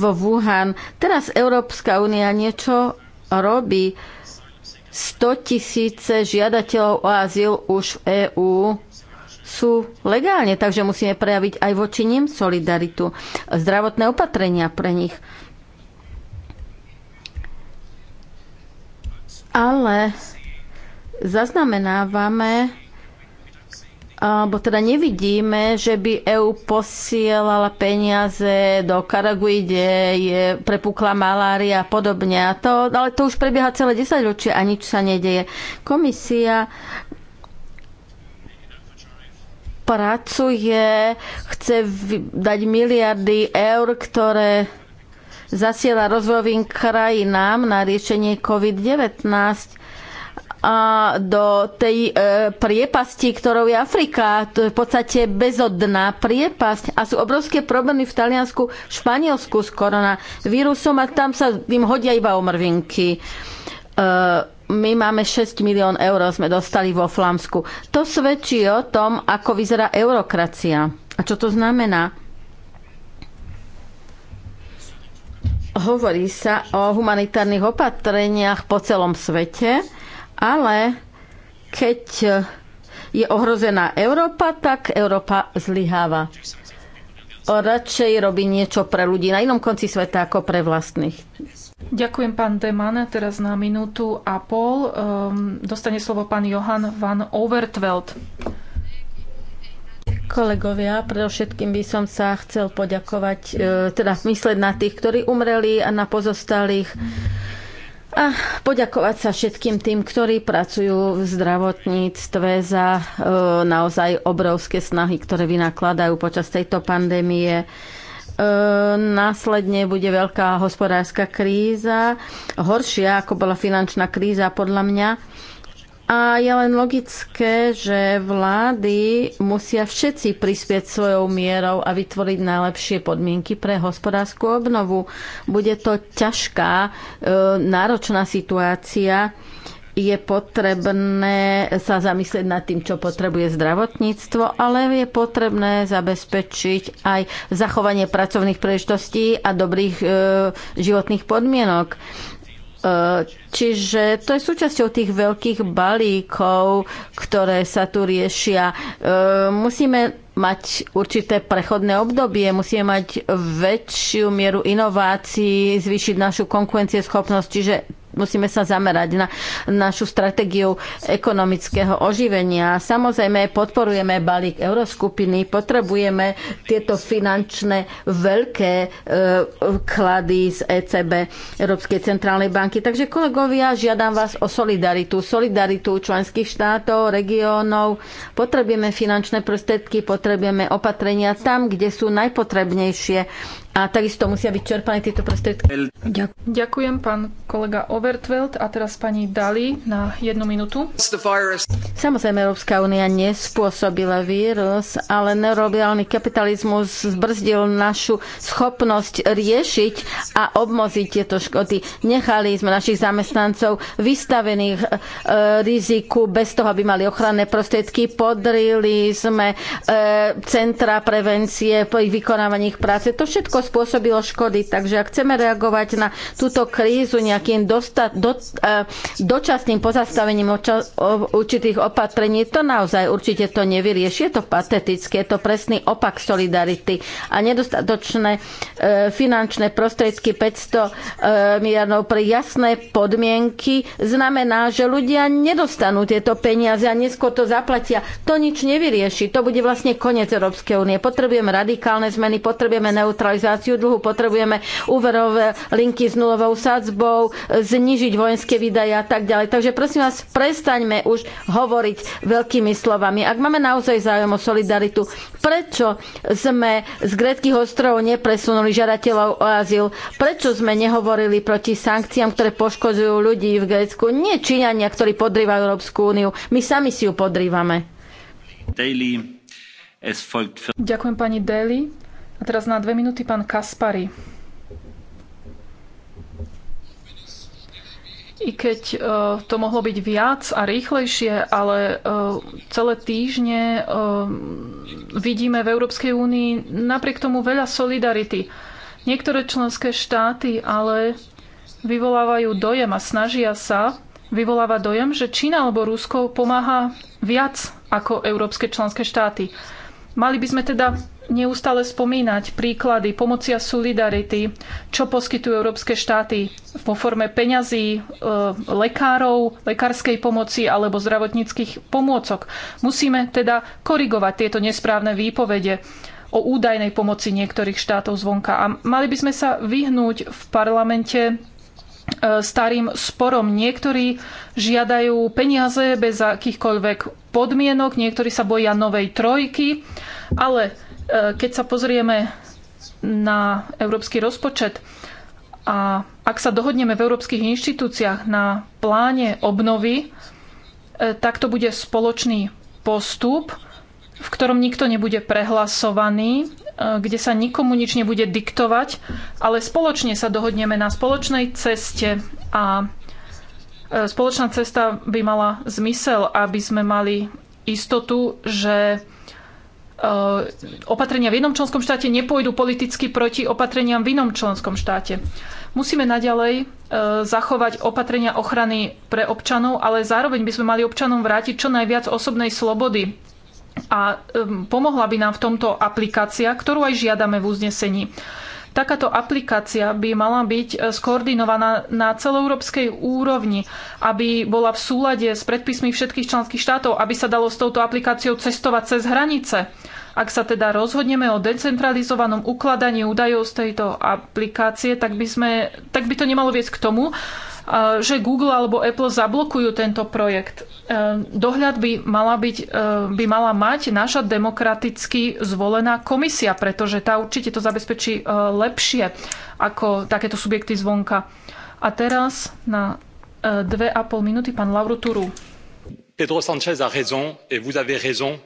vo Wuhan. Teraz Európska únia niečo robí. 100 tisíce žiadateľov o azyl už v EÚ sú legálne, takže musíme prejaviť aj voči nim solidaritu. Zdravotné opatrenia pre nich. Ale zaznamenávame alebo teda nevidíme, že by EÚ posielala peniaze do Karagui, kde je prepukla malária a podobne. A to, ale to už prebieha celé 10 ročia a nič sa nedeje. Komisia pracuje, chce dať miliardy eur, ktoré zasiela rozvojovým krajinám na riešenie COVID-19 a do tej e, priepasti, ktorou je Afrika. To je v podstate bezodná priepasť a sú obrovské problémy v Taliansku, v Španielsku s koronavírusom a tam sa im hodia iba omrvinky. E, my máme 6 milión eur, sme dostali vo Flámsku. To svedčí o tom, ako vyzerá eurokracia. A čo to znamená? Hovorí sa o humanitárnych opatreniach po celom svete ale keď je ohrozená Európa, tak Európa zlyháva. radšej robí niečo pre ľudí na inom konci sveta ako pre vlastných. Ďakujem pán Deman. Teraz na minútu a pol um, dostane slovo pán Johan van Overtveld. Kolegovia, predovšetkým by som sa chcel poďakovať, e, teda mysleť na tých, ktorí umreli a na pozostalých. Mm a poďakovať sa všetkým tým, ktorí pracujú v zdravotníctve za e, naozaj obrovské snahy, ktoré vynakladajú počas tejto pandémie. E, následne bude veľká hospodárska kríza, horšia ako bola finančná kríza podľa mňa a je len logické, že vlády musia všetci prispieť svojou mierou a vytvoriť najlepšie podmienky pre hospodárskú obnovu. Bude to ťažká, e, náročná situácia. Je potrebné sa zamyslieť nad tým, čo potrebuje zdravotníctvo, ale je potrebné zabezpečiť aj zachovanie pracovných príležitostí a dobrých e, životných podmienok Eh, čiže to je súčasťou tých veľkých balíkov, ktoré sa tu riešia. Eh, musíme mať určité prechodné obdobie, musíme mať väčšiu mieru inovácií, zvýšiť našu konkurencieschopnosť, čiže musíme sa zamerať na našu stratégiu ekonomického oživenia. Samozrejme, podporujeme balík euroskupiny, potrebujeme tieto finančné veľké e, vklady z ECB, Európskej centrálnej banky. Takže kolegovia, žiadam vás o solidaritu. Solidaritu členských štátov, regiónov. Potrebujeme finančné prostriedky, potrebujeme opatrenia tam, kde sú najpotrebnejšie a takisto musia byť čerpané tieto prostriedky. Ďakujem pán kolega Overtveld a teraz pani Dali na jednu minútu. Samozrejme Európska únia nespôsobila vírus, ale neurobiálny kapitalizmus zbrzdil našu schopnosť riešiť a obmoziť tieto škody. Nechali sme našich zamestnancov vystavených e, riziku bez toho, aby mali ochranné prostriedky. Podrili sme e, centra prevencie pri vykonávaní ich práce. To všetko spôsobilo škody. Takže ak chceme reagovať na túto krízu nejakým dosta, do, e, dočasným pozastavením oča, určitých opatrení, to naozaj určite to nevyrieši. Je to patetické, je to presný opak solidarity a nedostatočné uh, finančné prostriedky 500 uh, e, miliardov pre jasné podmienky znamená, že ľudia nedostanú tieto peniaze a neskôr to zaplatia. To nič nevyrieši. To bude vlastne koniec Európskej únie. Potrebujeme radikálne zmeny, potrebujeme neutralizovať amortizáciu dlhu, potrebujeme úverové linky s nulovou sadzbou, znižiť vojenské výdaje a tak ďalej. Takže prosím vás, prestaňme už hovoriť veľkými slovami. Ak máme naozaj záujem o solidaritu, prečo sme z greckých ostrovov nepresunuli žiadateľov o azyl? Prečo sme nehovorili proti sankciám, ktoré poškodzujú ľudí v Grécku? Nie Číňania, ktorí podrývajú Európsku úniu. My sami si ju podrývame. Daily. Ďakujem pani Daly. A teraz na dve minúty pán Kaspari. I keď uh, to mohlo byť viac a rýchlejšie, ale uh, celé týždne uh, vidíme v Európskej únii napriek tomu veľa solidarity. Niektoré členské štáty ale vyvolávajú dojem a snažia sa vyvolávať dojem, že Čína alebo Rusko pomáha viac ako európske členské štáty. Mali by sme teda neustále spomínať príklady pomoci a solidarity, čo poskytujú európske štáty vo forme peňazí, e, lekárov, lekárskej pomoci alebo zdravotníckých pomôcok. Musíme teda korigovať tieto nesprávne výpovede o údajnej pomoci niektorých štátov zvonka. A mali by sme sa vyhnúť v parlamente e, starým sporom. Niektorí žiadajú peniaze bez akýchkoľvek podmienok, niektorí sa boja novej trojky, ale Eh, keď sa pozrieme na európsky rozpočet a ak sa dohodneme v európskych inštitúciách na pláne obnovy, eh, tak to bude spoločný postup, v ktorom nikto nebude prehlasovaný, eh, kde sa nikomu nič nebude diktovať, ale spoločne sa dohodneme na spoločnej ceste a spoločná cesta by mala zmysel, aby sme mali istotu, že E, opatrenia v jednom členskom štáte nepôjdu politicky proti opatreniam v inom členskom štáte. Musíme naďalej e, zachovať opatrenia ochrany pre občanov, ale zároveň by sme mali občanom vrátiť čo najviac osobnej slobody. A pomohla by nám v tomto aplikácia, ktorú aj žiadame v uznesení. Takáto aplikácia by mala byť e, skoordinovaná na celoeurópskej úrovni, aby bola v súlade s predpismi všetkých členských štátov, aby sa dalo s touto aplikáciou cestovať cez hranice ak sa teda rozhodneme o decentralizovanom ukladaní údajov z tejto aplikácie, tak by, sme, tak by to nemalo viesť k tomu, že Google alebo Apple zablokujú tento projekt. E, dohľad by mala, byť, e, by mala mať naša demokraticky zvolená komisia, pretože tá určite to zabezpečí e, lepšie ako takéto subjekty zvonka. A teraz na dve a pol minúty pán Lauro Turu. Pedro Sanchez a raison et vous avez raison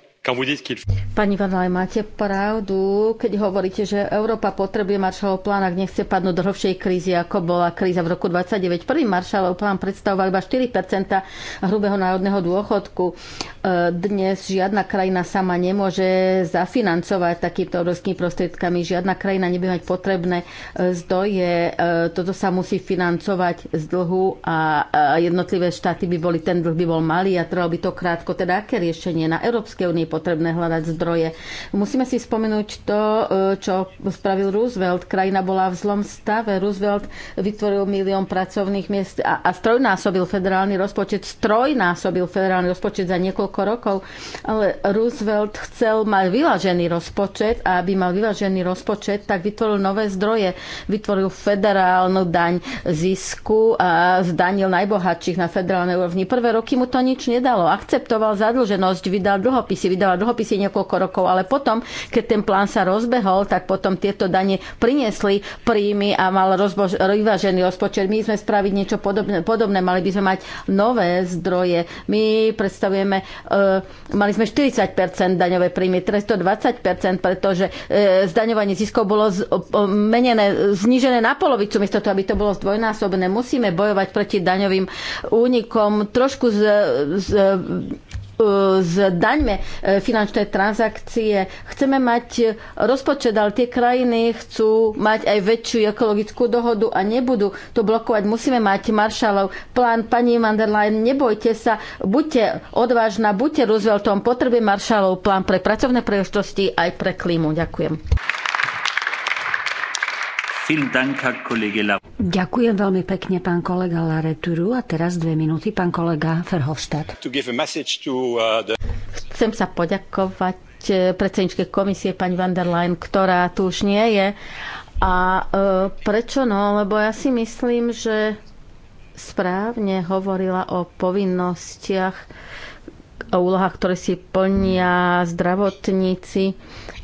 Pani Vanlaj, máte pravdu, keď hovoríte, že Európa potrebuje Maršalov plán, ak nechce padnúť do hrovšej krízy, ako bola kríza v roku 29. Prvý Maršalov plán predstavoval iba 4 hrubého národného dôchodku. E, dnes žiadna krajina sama nemôže zafinancovať takýmto obrovským prostriedkami. Žiadna krajina nebude mať potrebné e, zdoje. E, toto sa musí financovať z dlhu a jednotlivé štáty by boli, ten dlh by bol malý a trvalo by to krátko. Teda aké riešenie na Európskej únii potrebné hľadať zdroje. Musíme si spomenúť to, e, čo spravil Roosevelt. Krajina bola v zlom stave. Roosevelt vytvoril milión pracovných miest a, a strojnásobil federálny rozpočet. Strojnásobil federálny rozpočet za niekoľko rokov. Ale Roosevelt chcel mať vyvážený rozpočet a aby mal vyvážený rozpočet, tak vytvoril nové zdroje. Vytvoril federálnu daň zisku a zdanil najbohatších na federálnej úrovni. Prvé roky mu to nič nedalo. Akceptoval zadlženosť, vydal dlhopisy, vydal vydala dlhopisy niekoľko rokov, ale potom, keď ten plán sa rozbehol, tak potom tieto dane priniesli príjmy a mal rozbož, vyvážený rozpočet. My sme spraviť niečo podobné, podobné, mali by sme mať nové zdroje. My predstavujeme, e, mali sme 40% daňové príjmy, teraz to 20%, pretože e, zdaňovanie ziskov bolo z, o, menené, znížené na polovicu, miesto toho, aby to bolo zdvojnásobné. Musíme bojovať proti daňovým únikom, trošku z, z, zdaňme e, finančné transakcie. Chceme mať rozpočet, ale tie krajiny chcú mať aj väčšiu ekologickú dohodu a nebudú to blokovať. Musíme mať maršalov plán. Pani van der Leyen, nebojte sa, buďte odvážna, buďte rozveltom, Potrebuje maršalov plán pre pracovné príležitosti aj pre klímu. Ďakujem. Ďakujem veľmi pekne, pán kolega Lareturu. A teraz dve minúty, pán kolega Ferhofstadt. Uh, Chcem sa poďakovať eh, predsedničke komisie pani van der Leyen, ktorá tu už nie je. A e, prečo no? Lebo ja si myslím, že správne hovorila o povinnostiach o úlohách, ktoré si plnia zdravotníci,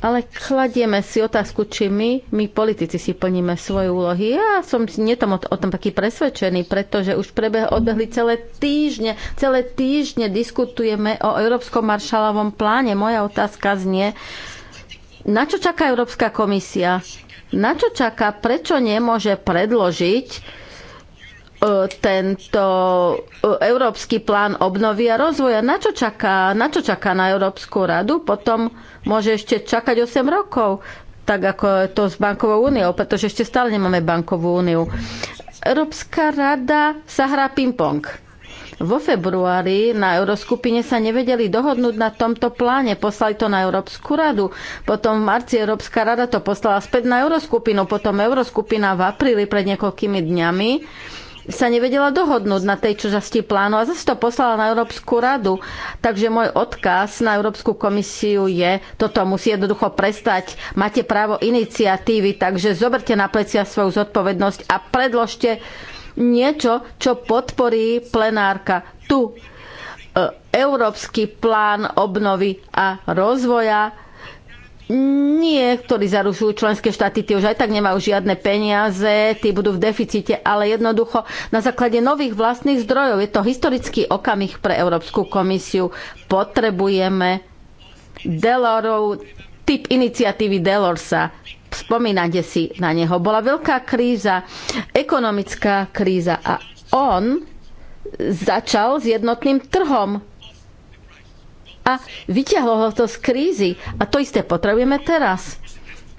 ale kladieme si otázku, či my, my politici si plníme svoje úlohy. Ja som netom o, o tom taký presvedčený, pretože už prebeh odbehli celé týždne, celé týždne diskutujeme o Európskom maršalovom pláne. Moja otázka znie, na čo čaká Európska komisia? Na čo čaká? Prečo nemôže predložiť tento e, európsky plán obnovy a rozvoja. Na čo čaká? Na čo čaká na Európsku radu? Potom môže ešte čakať 8 rokov, tak ako je to s bankovou úniou, pretože ešte stále nemáme bankovú úniu. Európska rada sa hrá ping-pong. Vo februári na Euroskupine sa nevedeli dohodnúť na tomto pláne. Poslali to na Európsku radu. Potom v marci Európska rada to poslala späť na Euroskupinu. Potom Euroskupina v apríli pred niekoľkými dňami sa nevedela dohodnúť na tej časti plánu a zase to poslala na Európsku radu. Takže môj odkaz na Európsku komisiu je, toto musí jednoducho prestať. Máte právo iniciatívy, takže zoberte na plecia svoju zodpovednosť a predložte niečo, čo podporí plenárka tu. E, Európsky plán obnovy a rozvoja nie, ktorí zarušujú členské štáty, tie už aj tak nemajú žiadne peniaze, tie budú v deficite, ale jednoducho na základe nových vlastných zdrojov. Je to historický okamih pre Európsku komisiu. Potrebujeme Delorov, typ iniciatívy Delorsa. Spomínate si na neho. Bola veľká kríza, ekonomická kríza a on začal s jednotným trhom a vyťahlo ho to z krízy. A to isté potrebujeme teraz.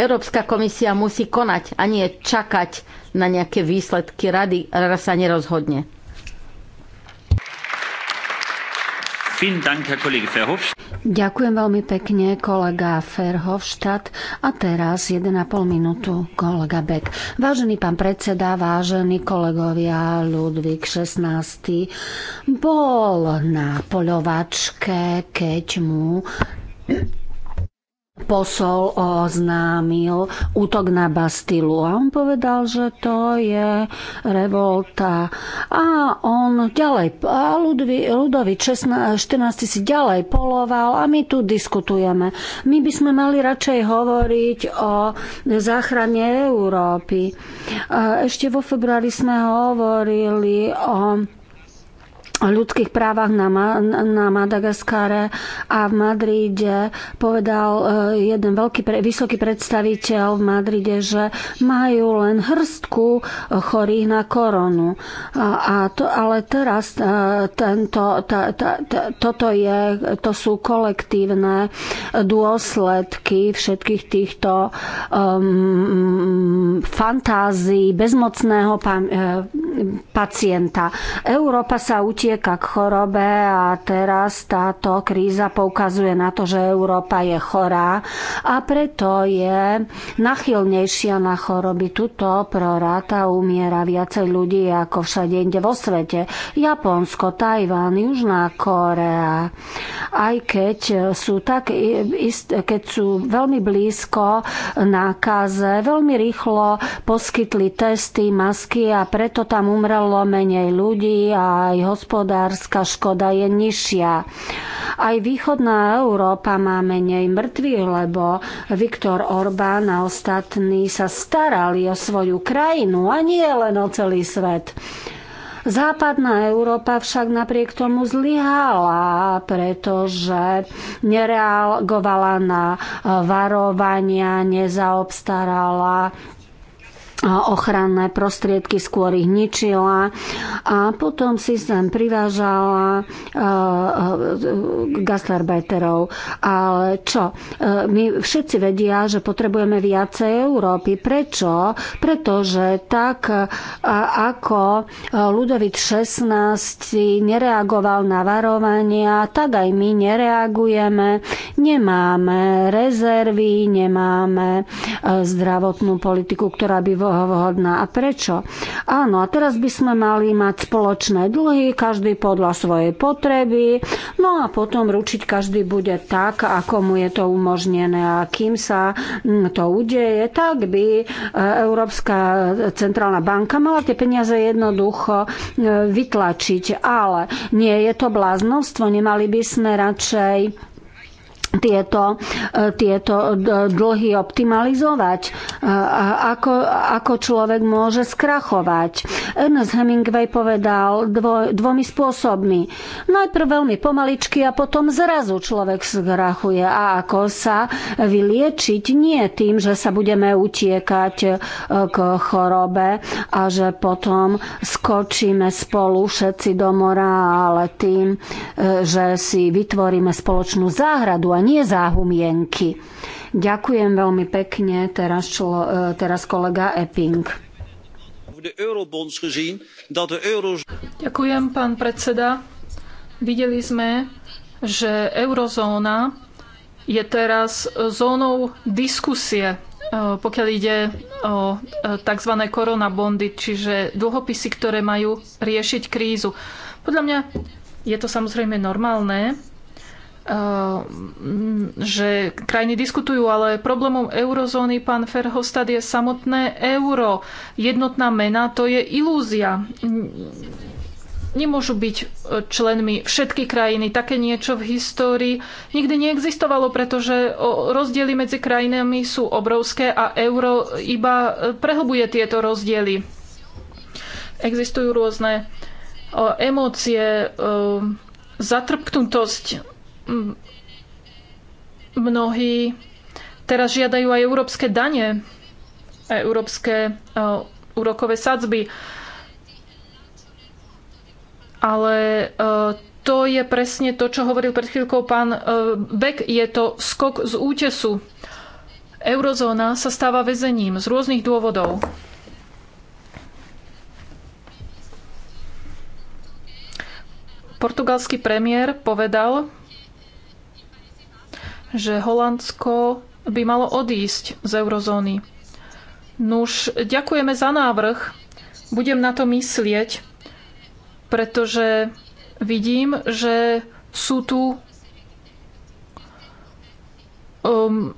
Európska komisia musí konať a nie čakať na nejaké výsledky rady, rada sa nerozhodne. Ďakujem veľmi pekne, kolega Ferhofstadt. A teraz 1,5 minútu, kolega Beck. Vážený pán predseda, vážení kolegovia, Ludvík 16. bol na poľovačke, keď mu posol oznámil útok na Bastilu a on povedal, že to je revolta a on ďalej a Ludvi, Ludovi 16, 14 si ďalej poloval a my tu diskutujeme. My by sme mali radšej hovoriť o záchrane Európy. Ešte vo februári sme hovorili o o ľudských právach na, na Madagaskare a v Madride povedal e, jeden veľký, vysoký predstaviteľ v Madride, že majú len hrstku chorých na koronu. A, a to, ale teraz e, tento, ta, ta, ta, toto je, to sú kolektívne dôsledky všetkých týchto um, fantázií bezmocného pa, e, pacienta. Európa sa utie utieka k chorobe a teraz táto kríza poukazuje na to, že Európa je chorá a preto je nachylnejšia na choroby. Tuto proráta umiera viacej ľudí ako všade inde vo svete. Japonsko, Tajván, Južná Korea. Aj keď sú, tak, keď sú veľmi blízko nákaze, veľmi rýchlo poskytli testy, masky a preto tam umrelo menej ľudí a aj hospodárstvo hospodárska škoda je nižšia. Aj východná Európa má menej mŕtvych, lebo Viktor Orbán a ostatní sa starali o svoju krajinu a nie len o celý svet. Západná Európa však napriek tomu zlyhala, pretože nereagovala na varovania, nezaobstarala ochranné prostriedky, skôr ich ničila a potom si sem privážala e, e, e, gastarbeiterov. Ale čo? My všetci vedia, že potrebujeme viacej Európy. Prečo? Pretože tak ako Ludovit 16 nereagoval na varovania, tak aj my nereagujeme. Nemáme rezervy, nemáme zdravotnú politiku, ktorá by vo vhodná. A prečo? Áno, a teraz by sme mali mať spoločné dlhy, každý podľa svojej potreby, no a potom ručiť každý bude tak, ako mu je to umožnené. A kým sa mm, to udeje, tak by e, Európska centrálna banka mala tie peniaze jednoducho e, vytlačiť. Ale nie je to bláznostvo, nemali by sme radšej tieto, e, tieto e, dlhy optimalizovať, e, ako, ako človek môže skrachovať. Ernest Hemingway povedal dvo, dvomi spôsobmi. Najprv veľmi pomaličky a potom zrazu človek skrachuje. A ako sa vyliečiť? Nie tým, že sa budeme utiekať k chorobe a že potom skočíme spolu všetci do mora, ale tým, že si vytvoríme spoločnú záhradu a nie záhumienky. Ďakujem veľmi pekne teraz, člo, e, teraz kolega Epping. Ďakujem, pán predseda. Videli sme, že eurozóna je teraz zónou diskusie, e, pokiaľ ide o e, tzv. koronabondy, čiže dlhopisy, ktoré majú riešiť krízu. Podľa mňa je to samozrejme normálne, Ehm, že krajiny diskutujú, ale problémom eurozóny, pán Ferhostad, je samotné euro. Jednotná mena to je ilúzia. Nemôžu byť členmi všetky krajiny. Také niečo v histórii nikdy neexistovalo, pretože rozdiely medzi krajinami sú obrovské a euro iba e, prehlbuje tieto rozdiely. Existujú rôzne emócie, e, zatrpknutosť mnohí teraz žiadajú aj európske dane, európske uh, úrokové sadzby. Ale uh, to je presne to, čo hovoril pred chvíľkou pán uh, Beck. Je to skok z útesu. Eurozóna sa stáva väzením z rôznych dôvodov. Portugalský premiér povedal, že Holandsko by malo odísť z eurozóny. Nuž, ďakujeme za návrh. Budem na to myslieť, pretože vidím, že sú tu um,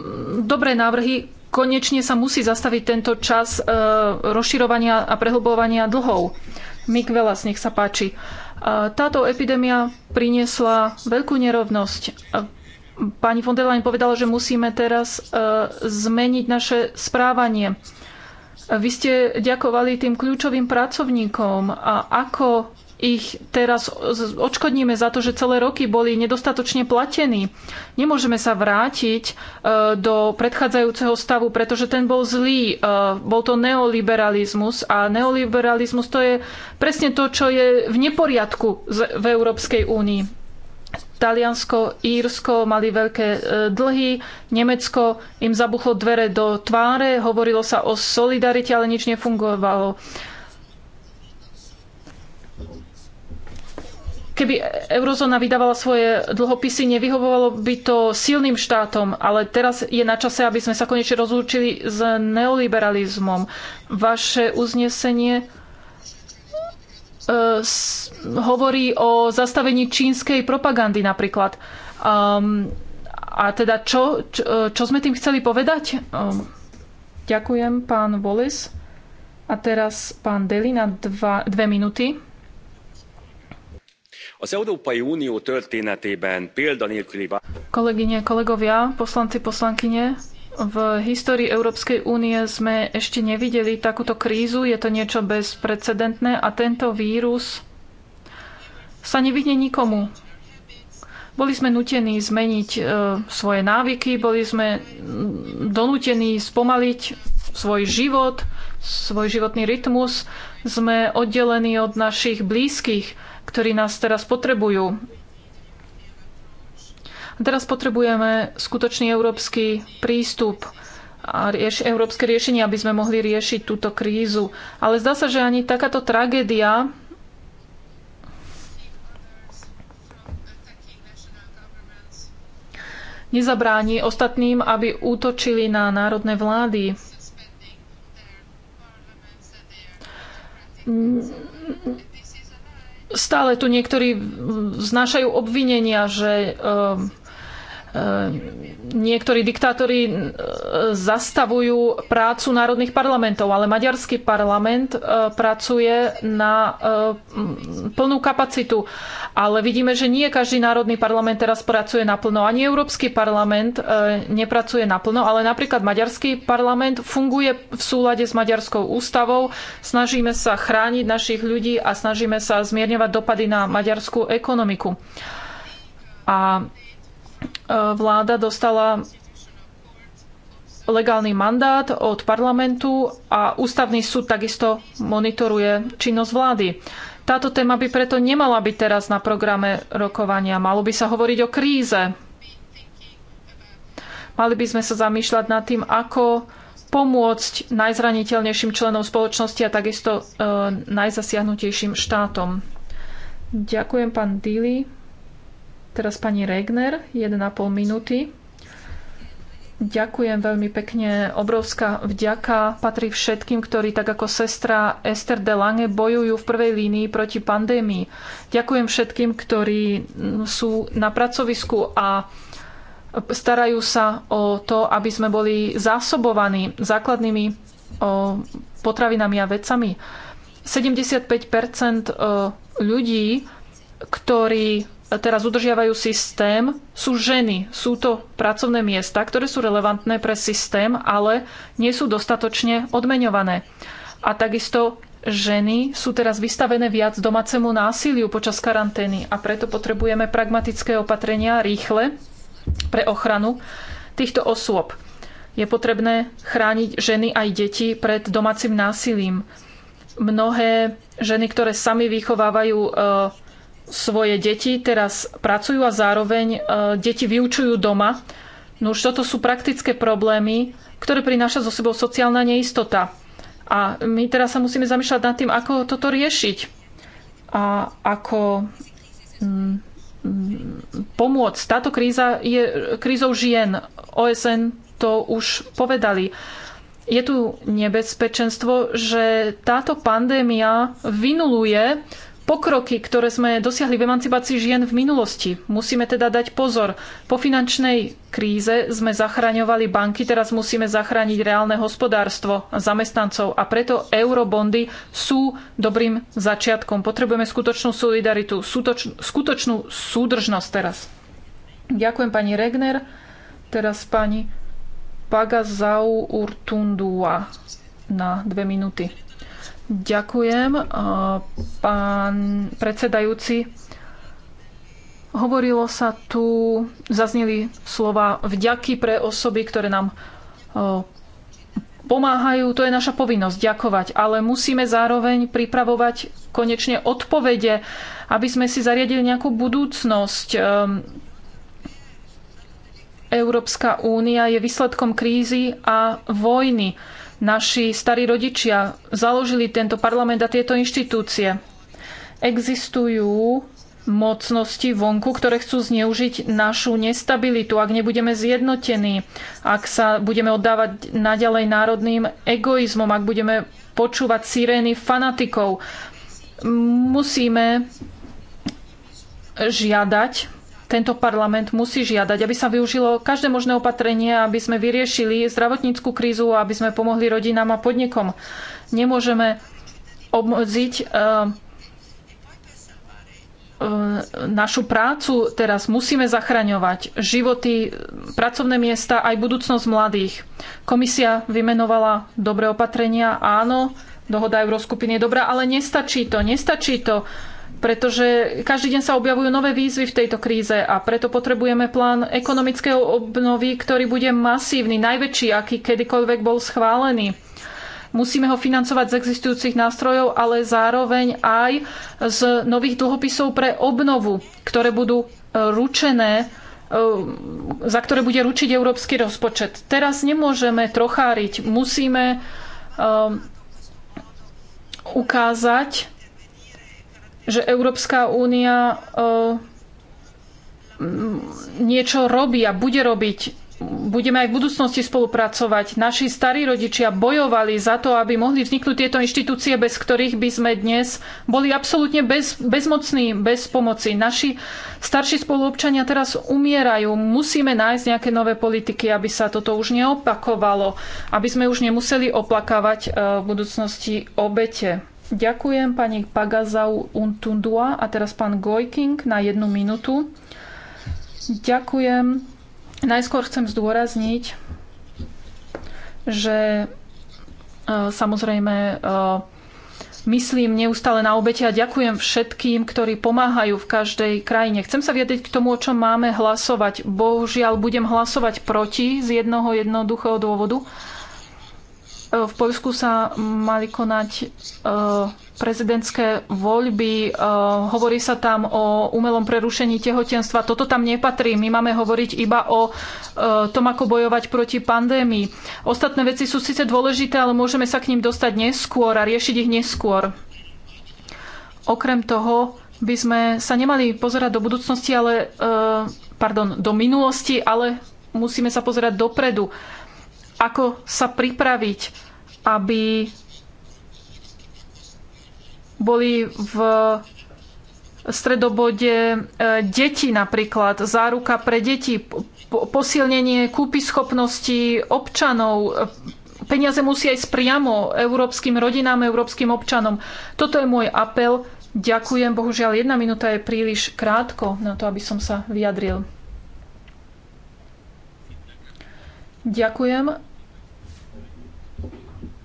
dobré návrhy. Konečne sa musí zastaviť tento čas uh, rozširovania a prehlbovania dlhov. Mik Velas, nech sa páči. Uh, táto epidémia priniesla veľkú nerovnosť. Uh, Pani von der Leyen povedala, že musíme teraz e, zmeniť naše správanie. Vy ste ďakovali tým kľúčovým pracovníkom a ako ich teraz odškodníme za to, že celé roky boli nedostatočne platení. Nemôžeme sa vrátiť e, do predchádzajúceho stavu, pretože ten bol zlý. E, bol to neoliberalizmus a neoliberalizmus to je presne to, čo je v neporiadku v Európskej únii Taliansko, Írsko mali veľké e, dlhy, Nemecko im zabuchlo dvere do tváre, hovorilo sa o solidarite, ale nič nefungovalo. Keby eurozóna vydávala svoje dlhopisy, nevyhovovalo by to silným štátom, ale teraz je na čase, aby sme sa konečne rozlúčili s neoliberalizmom. Vaše uznesenie hovorí o zastavení čínskej propagandy napríklad. Um, a teda čo, čo, čo sme tým chceli povedať? Um, ďakujem, pán Wallis. A teraz pán Deli na dva, dve minúty. Az Európai Unió történetében Kolegyne, kolegovia, poslanci, poslankyne, v histórii Európskej únie sme ešte nevideli takúto krízu, je to niečo bezprecedentné a tento vírus sa nevyhne nikomu. Boli sme nutení zmeniť e, svoje návyky, boli sme donútení spomaliť svoj život, svoj životný rytmus. Sme oddelení od našich blízkych, ktorí nás teraz potrebujú a teraz potrebujeme skutočný európsky prístup a rieš, európske riešenie, aby sme mohli riešiť túto krízu. Ale zdá sa, že ani takáto tragédia nezabráni ostatným, aby útočili na národné vlády. Stále tu niektorí znášajú obvinenia, že ehm, E, niektorí diktátori e, zastavujú prácu národných parlamentov, ale maďarský parlament e, pracuje na plnú kapacitu. Ale vidíme, že nie každý národný parlament teraz pracuje naplno. Ani Európsky parlament nepracuje naplno, ale napríklad maďarský parlament funguje v súlade s maďarskou ústavou. Snažíme sa chrániť našich ľudí a snažíme sa zmierňovať dopady na maďarskú ekonomiku. A E, vláda dostala legálny mandát od parlamentu a ústavný súd takisto monitoruje činnosť vlády. Táto téma by preto nemala byť teraz na programe rokovania. Malo by sa hovoriť o kríze. Mali by sme sa zamýšľať nad tým, ako pomôcť najzraniteľnejším členom spoločnosti a takisto e, najzasiahnutejším štátom. Ďakujem, pán Dili. Teraz pani Regner, 1,5 minúty. Ďakujem veľmi pekne. Obrovská vďaka patrí všetkým, ktorí tak ako sestra Esther de Lange bojujú v prvej línii proti pandémii. Ďakujem všetkým, ktorí mm, sú na pracovisku a starajú sa o to, aby sme boli zásobovaní základnými potravinami a vecami. 75 ľudí, ktorí teraz udržiavajú systém, sú ženy. Sú to pracovné miesta, ktoré sú relevantné pre systém, ale nie sú dostatočne odmeňované. A takisto ženy sú teraz vystavené viac domácemu násiliu počas karantény a preto potrebujeme pragmatické opatrenia rýchle pre ochranu týchto osôb. Je potrebné chrániť ženy aj deti pred domácim násilím. Mnohé ženy, ktoré sami vychovávajú e, svoje deti, teraz pracujú a zároveň e, deti vyučujú doma. No už toto sú praktické problémy, ktoré prináša so sebou sociálna neistota. A my teraz sa musíme zamýšľať nad tým, ako toto riešiť a ako mm, mm, pomôcť. Táto kríza je krízou žien. OSN to už povedali. Je tu nebezpečenstvo, že táto pandémia vynuluje pokroky, ktoré sme dosiahli v emancipácii žien v minulosti. Musíme teda dať pozor. Po finančnej kríze sme zachraňovali banky, teraz musíme zachrániť reálne hospodárstvo a zamestnancov a preto eurobondy sú dobrým začiatkom. Potrebujeme skutočnú solidaritu, skutočnú súdržnosť teraz. Ďakujem pani Regner, teraz pani Pagazau Urtundua na dve minúty. Ďakujem, pán predsedajúci. Hovorilo sa tu, zazneli slova vďaky pre osoby, ktoré nám pomáhajú. To je naša povinnosť ďakovať, ale musíme zároveň pripravovať konečne odpovede, aby sme si zariadili nejakú budúcnosť. Ehm, Európska únia je výsledkom krízy a vojny naši starí rodičia založili tento parlament a tieto inštitúcie. Existujú mocnosti vonku, ktoré chcú zneužiť našu nestabilitu, ak nebudeme zjednotení, ak sa budeme oddávať naďalej národným egoizmom, ak budeme počúvať sirény fanatikov. Musíme žiadať tento parlament musí žiadať, aby sa využilo každé možné opatrenie, aby sme vyriešili zdravotníckú krízu, aby sme pomohli rodinám a podnikom. Nemôžeme obmedziť e, e, našu prácu teraz musíme zachraňovať. Životy, pracovné miesta, aj budúcnosť mladých. Komisia vymenovala dobré opatrenia, áno, dohoda Euroskupiny je dobrá, ale nestačí to, nestačí to pretože každý deň sa objavujú nové výzvy v tejto kríze a preto potrebujeme plán ekonomického obnovy, ktorý bude masívny, najväčší, aký kedykoľvek bol schválený. Musíme ho financovať z existujúcich nástrojov, ale zároveň aj z nových dlhopisov pre obnovu, ktoré budú e, ručené e, za ktoré bude ručiť európsky rozpočet. Teraz nemôžeme trocháriť, musíme um, ukázať, že Európska únia e, niečo robí a bude robiť. Budeme aj v budúcnosti spolupracovať. Naši starí rodičia bojovali za to, aby mohli vzniknúť tieto inštitúcie, bez ktorých by sme dnes boli absolútne bez, bezmocní, bez pomoci. Naši starší spoluobčania teraz umierajú. Musíme nájsť nejaké nové politiky, aby sa toto už neopakovalo, aby sme už nemuseli oplakávať e, v budúcnosti obete. Ďakujem pani Pagazau Untundua a teraz pán Gojking na jednu minútu. Ďakujem. Najskôr chcem zdôrazniť, že e, samozrejme e, myslím neustále na obete a ďakujem všetkým, ktorí pomáhajú v každej krajine. Chcem sa viedeť k tomu, o čom máme hlasovať. Bohužiaľ budem hlasovať proti z jednoho jednoduchého dôvodu E, v Poľsku sa mali konať e, prezidentské voľby. E, hovorí sa tam o umelom prerušení tehotenstva. Toto tam nepatrí. My máme hovoriť iba o tom, ako bojovať proti pandémii. Ostatné veci sú síce dôležité, ale môžeme sa k ním dostať neskôr a riešiť ich neskôr. Okrem toho by sme sa nemali pozerať do budúcnosti, ale pardon, do minulosti, ale musíme sa pozerať dopredu ako sa pripraviť, aby boli v stredobode e, deti napríklad, záruka pre deti, posilnenie kúpyschopnosti občanov, peniaze musia ísť priamo európskym rodinám, európskym občanom. Toto je môj apel. Ďakujem, bohužiaľ jedna minúta je príliš krátko na to, aby som sa vyjadril. Ďakujem.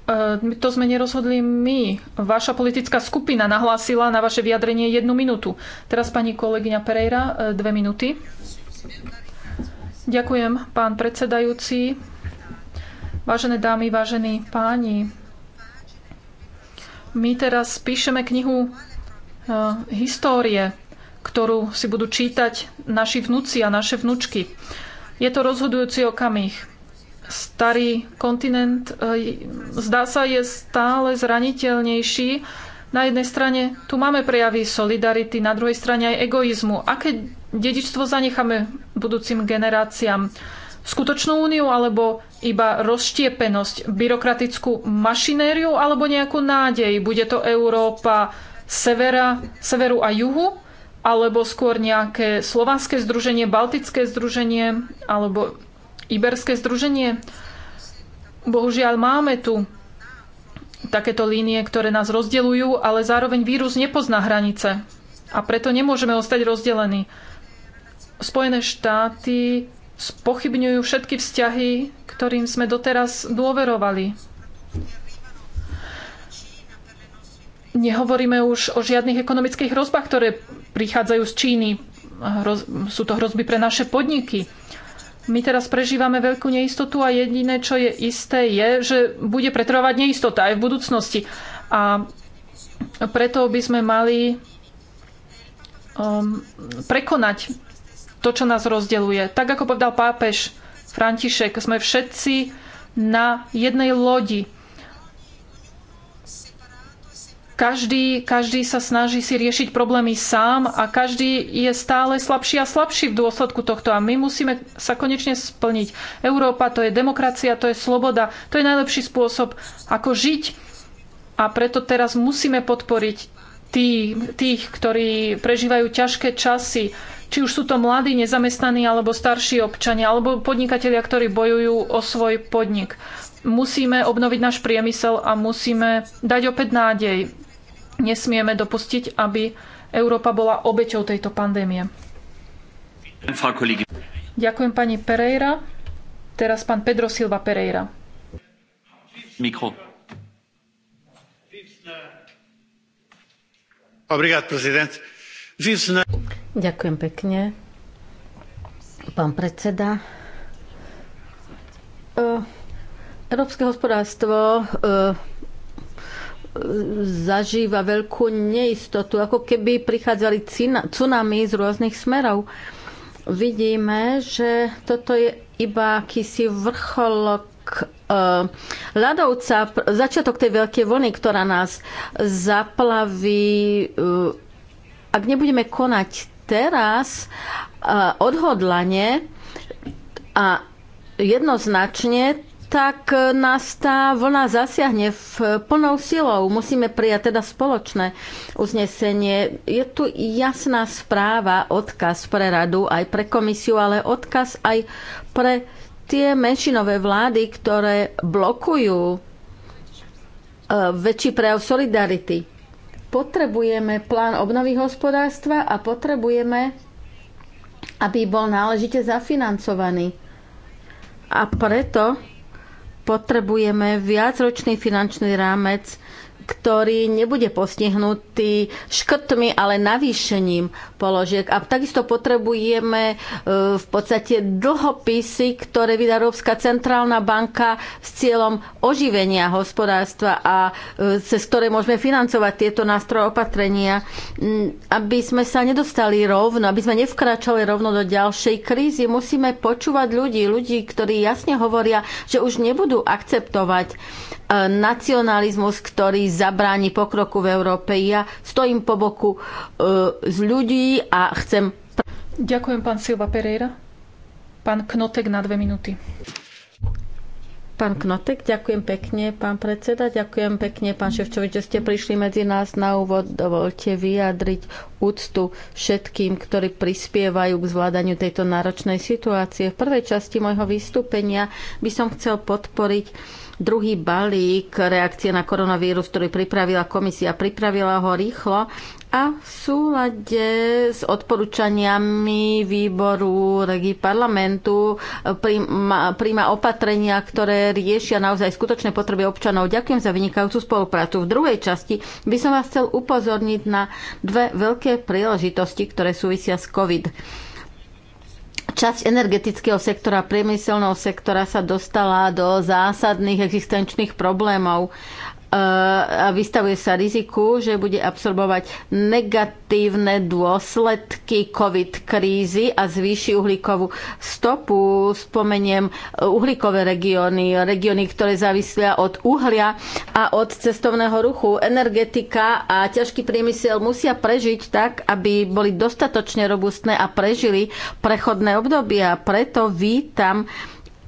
E, to sme nerozhodli my. Vaša politická skupina nahlásila na vaše vyjadrenie jednu minútu. Teraz pani kolegyňa Pereira, e, dve minúty. Ďakujem, pán predsedajúci. Vážené dámy, vážení páni, my teraz píšeme knihu e, histórie, ktorú si budú čítať naši vnúci a naše vnúčky. Je to rozhodujúci okamih starý kontinent, e, zdá sa, je stále zraniteľnejší. Na jednej strane tu máme prejavy solidarity, na druhej strane aj egoizmu. Aké dedičstvo zanecháme budúcim generáciám? Skutočnú úniu alebo iba rozštiepenosť, byrokratickú mašinériu alebo nejakú nádej? Bude to Európa severa, severu a juhu? Alebo skôr nejaké slovanské združenie, baltické združenie alebo Iberské združenie. Bohužiaľ máme tu takéto línie, ktoré nás rozdelujú, ale zároveň vírus nepozná hranice a preto nemôžeme ostať rozdelení. Spojené štáty spochybňujú všetky vzťahy, ktorým sme doteraz dôverovali. Nehovoríme už o žiadnych ekonomických hrozbách, ktoré prichádzajú z Číny. sú to hrozby pre naše podniky. My teraz prežívame veľkú neistotu a jediné, čo je isté, je, že bude pretrvávať neistota aj v budúcnosti. A preto by sme mali um, prekonať to, čo nás rozdeľuje. Tak ako povedal pápež František, sme všetci na jednej lodi každý, každý sa snaží si riešiť problémy sám a každý je stále slabší a slabší v dôsledku tohto. A my musíme sa konečne splniť. Európa to je demokracia, to je sloboda, to je najlepší spôsob, ako žiť. A preto teraz musíme podporiť tí, tých, ktorí prežívajú ťažké časy, či už sú to mladí, nezamestnaní alebo starší občania, alebo podnikatelia, ktorí bojujú o svoj podnik musíme obnoviť náš priemysel a musíme dať opäť nádej. Nesmieme dopustiť, aby Európa bola obeťou tejto pandémie. Ďakujem pani Pereira. Teraz pán Pedro Silva Pereira. Mikro. Ďakujem pekne. Pán predseda. Eh, Európske hospodárstvo eh, zažíva veľkú neistotu, ako keby prichádzali tsunami z rôznych smerov. Vidíme, že toto je iba akýsi vrcholok e, ľadovca, začiatok tej veľkej vlny, ktorá nás zaplaví. E, ak nebudeme konať teraz e, odhodlanie a jednoznačne, tak e, nás tá vlna zasiahne v e, plnou silou. Musíme prijať teda spoločné uznesenie. Je tu jasná správa, odkaz pre radu, aj pre komisiu, ale odkaz aj pre tie menšinové vlády, ktoré blokujú e, väčší prejav solidarity. Potrebujeme plán obnovy hospodárstva a potrebujeme, aby bol náležite zafinancovaný. A preto potrebujeme viacročný finančný rámec ktorý nebude postihnutý škrtmi, ale navýšením položiek. A takisto potrebujeme e, v podstate dlhopisy, ktoré vydá Európska centrálna banka s cieľom oživenia hospodárstva a e, cez ktoré môžeme financovať tieto nástroje opatrenia, aby sme sa nedostali rovno, aby sme nevkračali rovno do ďalšej krízy. Musíme počúvať ľudí, ľudí, ktorí jasne hovoria, že už nebudú akceptovať e, nacionalizmus, ktorý zabráni pokroku v Európe. Ja stojím po boku e, z ľudí a chcem... Ďakujem, pán Silva Pereira. Pán Knotek na dve minúty. Pán Knotek, ďakujem pekne, pán predseda, ďakujem pekne, pán Ševčovič, že ste prišli medzi nás na úvod. Dovolte vyjadriť úctu všetkým, ktorí prispievajú k zvládaniu tejto náročnej situácie. V prvej časti môjho vystúpenia by som chcel podporiť druhý balík reakcie na koronavírus, ktorý pripravila komisia. Pripravila ho rýchlo a v súlade s odporúčaniami výboru regi parlamentu príjma opatrenia, ktoré riešia naozaj skutočné potreby občanov. Ďakujem za vynikajúcu spoluprácu. V druhej časti by som vás chcel upozorniť na dve veľké príležitosti, ktoré súvisia s COVID časť energetického sektora, priemyselného sektora sa dostala do zásadných existenčných problémov a vystavuje sa riziku, že bude absorbovať negatívne dôsledky COVID krízy a zvýši uhlíkovú stopu. Spomeniem uhlíkové regióny, regióny, ktoré závislia od uhlia a od cestovného ruchu. Energetika a ťažký priemysel musia prežiť tak, aby boli dostatočne robustné a prežili prechodné obdobia. Preto vítam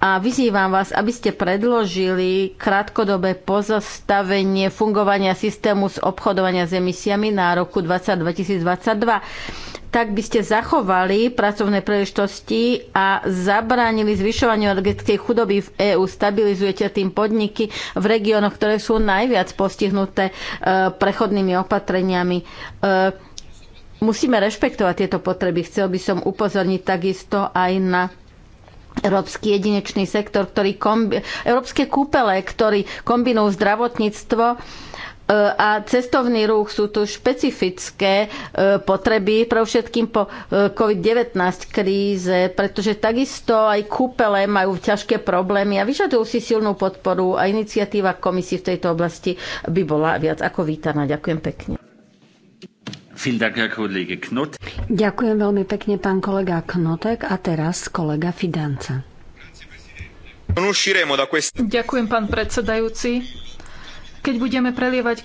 a vyzývam vás, aby ste predložili krátkodobé pozastavenie fungovania systému z obchodovania s emisiami na roku 2022. Tak by ste zachovali pracovné príležitosti a zabránili zvyšovaniu energetickej chudoby v EÚ. Stabilizujete tým podniky v regiónoch, ktoré sú najviac postihnuté e, prechodnými opatreniami e, musíme rešpektovať tieto potreby. Chcel by som upozorniť takisto aj na Európsky jedinečný sektor, ktorý kombi- Európske kúpele, ktorý kombinujú zdravotníctvo e, a cestovný ruch sú tu špecifické e, potreby, pre všetkým po e, COVID-19 kríze, pretože takisto aj kúpele majú ťažké problémy a vyžadujú si silnú podporu a iniciatíva komisie v tejto oblasti by bola viac ako vítaná. Ďakujem pekne. Ďakujem veľmi pekne, pán kolega Knotek. A teraz kolega Fidanca. Ďakujem, pán predsedajúci keď budeme prelievať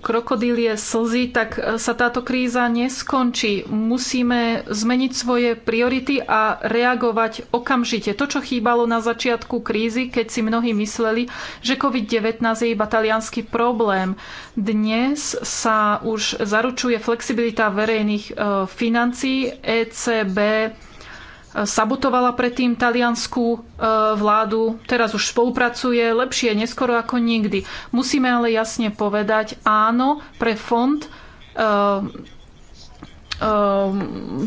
krokodílie slzy, tak e, sa táto kríza neskončí. Musíme zmeniť svoje priority a reagovať okamžite. To, čo chýbalo na začiatku krízy, keď si mnohí mysleli, že COVID-19 je iba talianský problém. Dnes sa už zaručuje flexibilita verejných e, financií ECB sabotovala predtým talianskú e, vládu, teraz už spolupracuje, lepšie neskoro ako nikdy. Musíme ale jasne povedať áno pre fond e, e,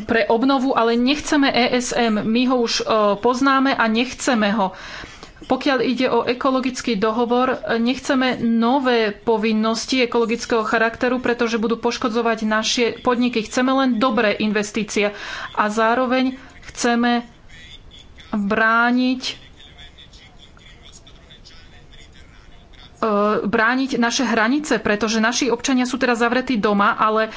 pre obnovu, ale nechceme ESM. My ho už poznáme a nechceme ho. Pokiaľ ide o ekologický dohovor, nechceme nové povinnosti ekologického charakteru, pretože budú poškodzovať naše podniky. Chceme len dobré investície a zároveň Chceme brániť e, brániť naše hranice, pretože naši občania sú teraz zavretí doma, ale e,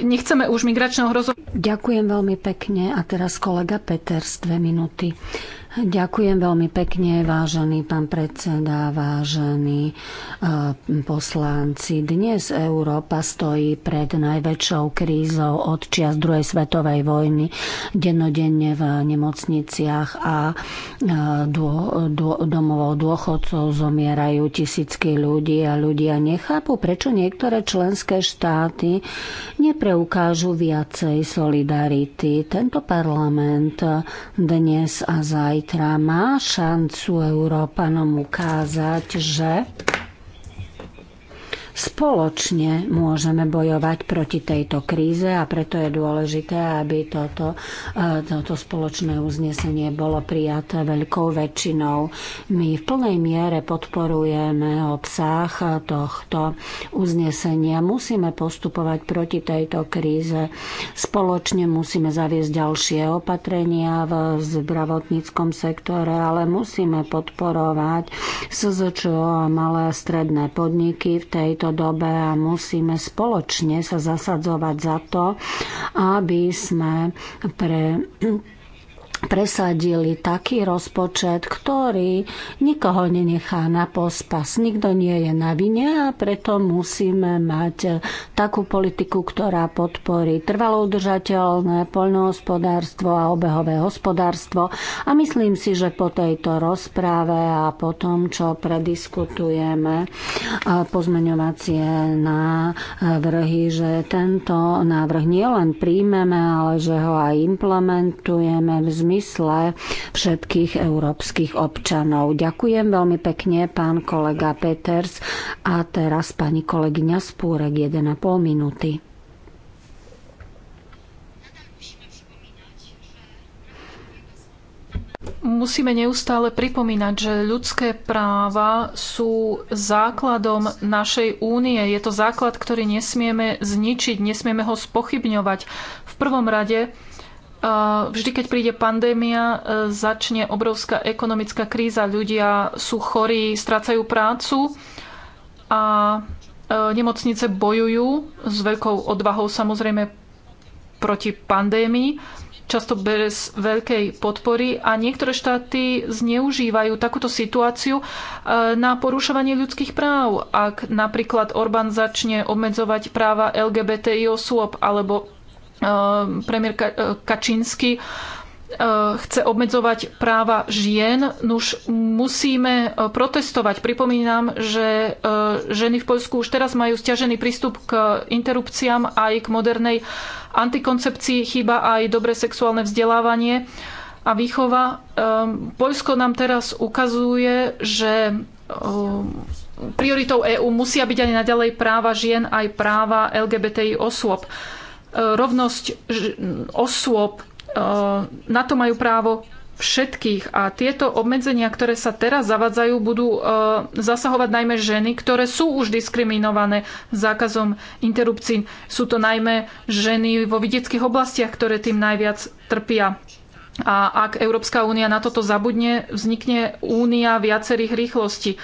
nechceme už migračného hrozovania. Ďakujem veľmi pekne a teraz kolega Peter z dve minúty. Ďakujem veľmi pekne, vážený pán predseda, vážení e, poslanci. Dnes Európa stojí pred najväčšou krízou od čias druhej svetovej vojny, dennodenne v nemocniciach a e, dô, dô, domovou dôchodcov zomierajú tisícky ľudí a ľudia nechápu, prečo niektoré členské štáty nepreukážu viacej solidarity. Tento parlament dnes a zajtra zajtra má šancu Európanom ukázať, že Spoločne môžeme bojovať proti tejto kríze a preto je dôležité, aby toto, e, toto spoločné uznesenie bolo prijaté veľkou väčšinou. My v plnej miere podporujeme obsah tohto uznesenia. Musíme postupovať proti tejto kríze. Spoločne musíme zaviesť ďalšie opatrenia v zdravotníckom sektore, ale musíme podporovať SZČO a malé a stredné podniky v tejto tejto dobe a musíme spoločne sa zasadzovať za to, aby sme pre presadili taký rozpočet, ktorý nikoho nenechá na pospas. Nikto nie je na vine a preto musíme mať takú politiku, ktorá podporí trvalo udržateľné poľnohospodárstvo a obehové hospodárstvo. A myslím si, že po tejto rozpráve a po tom, čo prediskutujeme e, pozmeňovacie návrhy, že tento návrh nielen príjmeme, ale že ho aj implementujeme v zmysle všetkých európskych občanov. Ďakujem veľmi pekne, pán kolega Peters. A teraz pani kolegyňa Spúrek, 1,5 minúty. Musíme neustále pripomínať, že ľudské práva sú základom našej únie. Je to základ, ktorý nesmieme zničiť, nesmieme ho spochybňovať. V prvom rade Vždy, keď príde pandémia, e, začne obrovská ekonomická kríza. Ľudia sú chorí, strácajú prácu a e, nemocnice bojujú s veľkou odvahou samozrejme proti pandémii, často bez veľkej podpory a niektoré štáty zneužívajú takúto situáciu e, na porušovanie ľudských práv. Ak napríklad Orbán začne obmedzovať práva LGBTI osôb alebo Ehm, premiér Kačínsky eh, eh, chce obmedzovať práva žien, nuž musíme eh, protestovať. Pripomínam, že ženy v Poľsku už teraz majú stiažený prístup k interrupciám aj k modernej antikoncepcii, chýba aj dobré sexuálne vzdelávanie a výchova. Ehm, Poľsko nám teraz ukazuje, že prioritou EÚ musia byť aj naďalej práva žien, aj práva LGBTI osôb. E, rovnosť osôb, e, na to majú právo všetkých. A tieto obmedzenia, ktoré sa teraz zavadzajú, budú e, zasahovať najmä ženy, ktoré sú už diskriminované zákazom interrupcií. Sú to najmä ženy vo vidieckých oblastiach, ktoré tým najviac trpia. A ak Európska únia na toto zabudne, vznikne únia viacerých rýchlostí.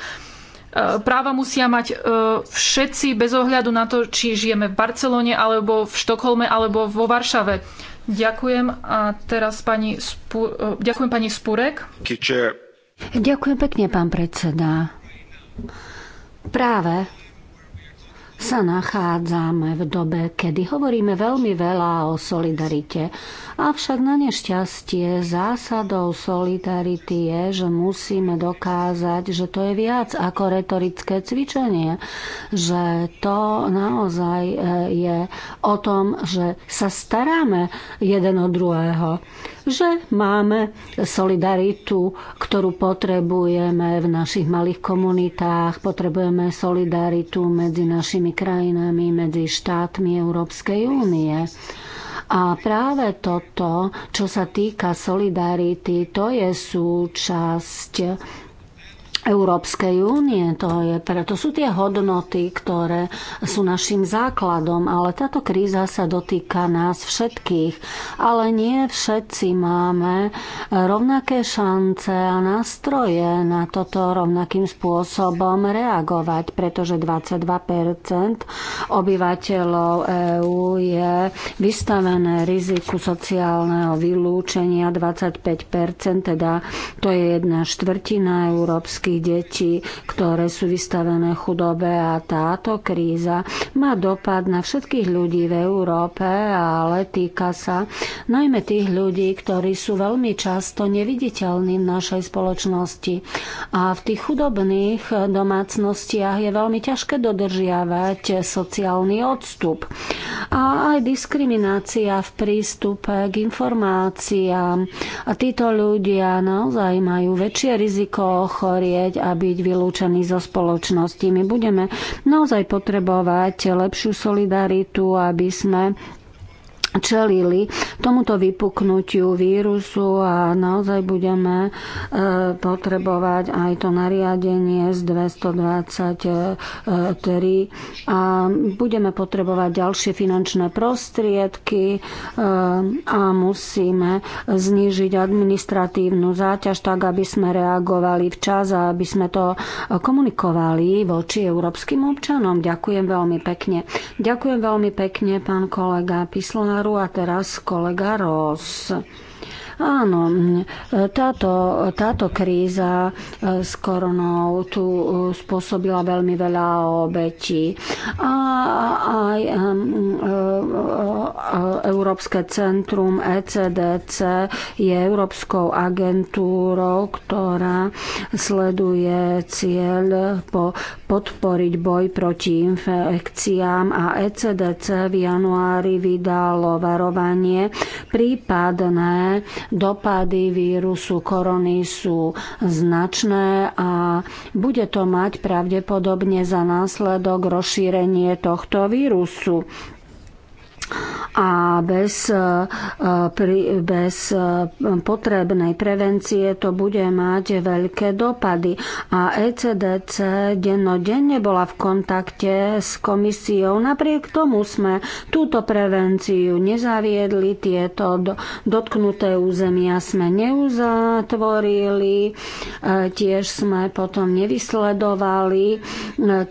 E, práva musia mať e, všetci bez ohľadu na to, či žijeme v Barcelone, alebo v Štokholme, alebo vo Varšave. Ďakujem a teraz pani, Spú... E, ďakujem pani Spurek. Ďakujem pekne, pán predseda. Práve sa nachádzame v dobe, kedy hovoríme veľmi veľa o solidarite Avšak na nešťastie zásadou solidarity je, že musíme dokázať, že to je viac ako retorické cvičenie, že to naozaj e, je o tom, že sa staráme jeden o druhého, že máme solidaritu, ktorú potrebujeme v našich malých komunitách, potrebujeme solidaritu medzi našimi krajinami, medzi štátmi Európskej únie. A práve toto, čo sa týka solidarity, to je súčasť Európskej únie. To, je, to sú tie hodnoty, ktoré sú našim základom, ale táto kríza sa dotýka nás všetkých. Ale nie všetci máme rovnaké šance a nástroje na toto rovnakým spôsobom reagovať, pretože 22% obyvateľov EÚ je vystavené riziku sociálneho vylúčenia, 25%, teda to je jedna štvrtina európskych tých detí, ktoré sú vystavené chudobe a táto kríza má dopad na všetkých ľudí v Európe, ale týka sa najmä tých ľudí, ktorí sú veľmi často neviditeľní v našej spoločnosti. A v tých chudobných domácnostiach je veľmi ťažké dodržiavať sociálny odstup. A aj diskriminácia v prístupe k informáciám. A títo ľudia naozaj majú väčšie riziko ochorieť trpieť a byť vylúčený zo spoločnosti. My budeme naozaj potrebovať lepšiu solidaritu, aby sme čelili tomuto vypuknutiu vírusu a naozaj budeme e, potrebovať aj to nariadenie z 223 a budeme potrebovať ďalšie finančné prostriedky e, a musíme znížiť administratívnu záťaž tak, aby sme reagovali včas a aby sme to komunikovali voči európskym občanom. Ďakujem veľmi pekne. Ďakujem veľmi pekne, pán kolega Pislár Pilaru a teraz kolega Ross. Áno, e, táto, táto kríza e, s koronou tu e, spôsobila veľmi veľa obetí. A aj Európske centrum ECDC je Európskou agentúrou, ktorá sleduje cieľ po podporiť boj proti infekciám a ECDC v januári vydalo varovanie prípadné Dopady vírusu korony sú značné a bude to mať pravdepodobne za následok rozšírenie tohto vírusu a bez, e, e, bez e, potrebnej prevencie to bude mať veľké dopady. A ECDC dennodenne bola v kontakte s komisiou. Napriek tomu sme túto prevenciu nezaviedli, tieto dotknuté územia sme neuzatvorili, tiež sme potom nevysledovali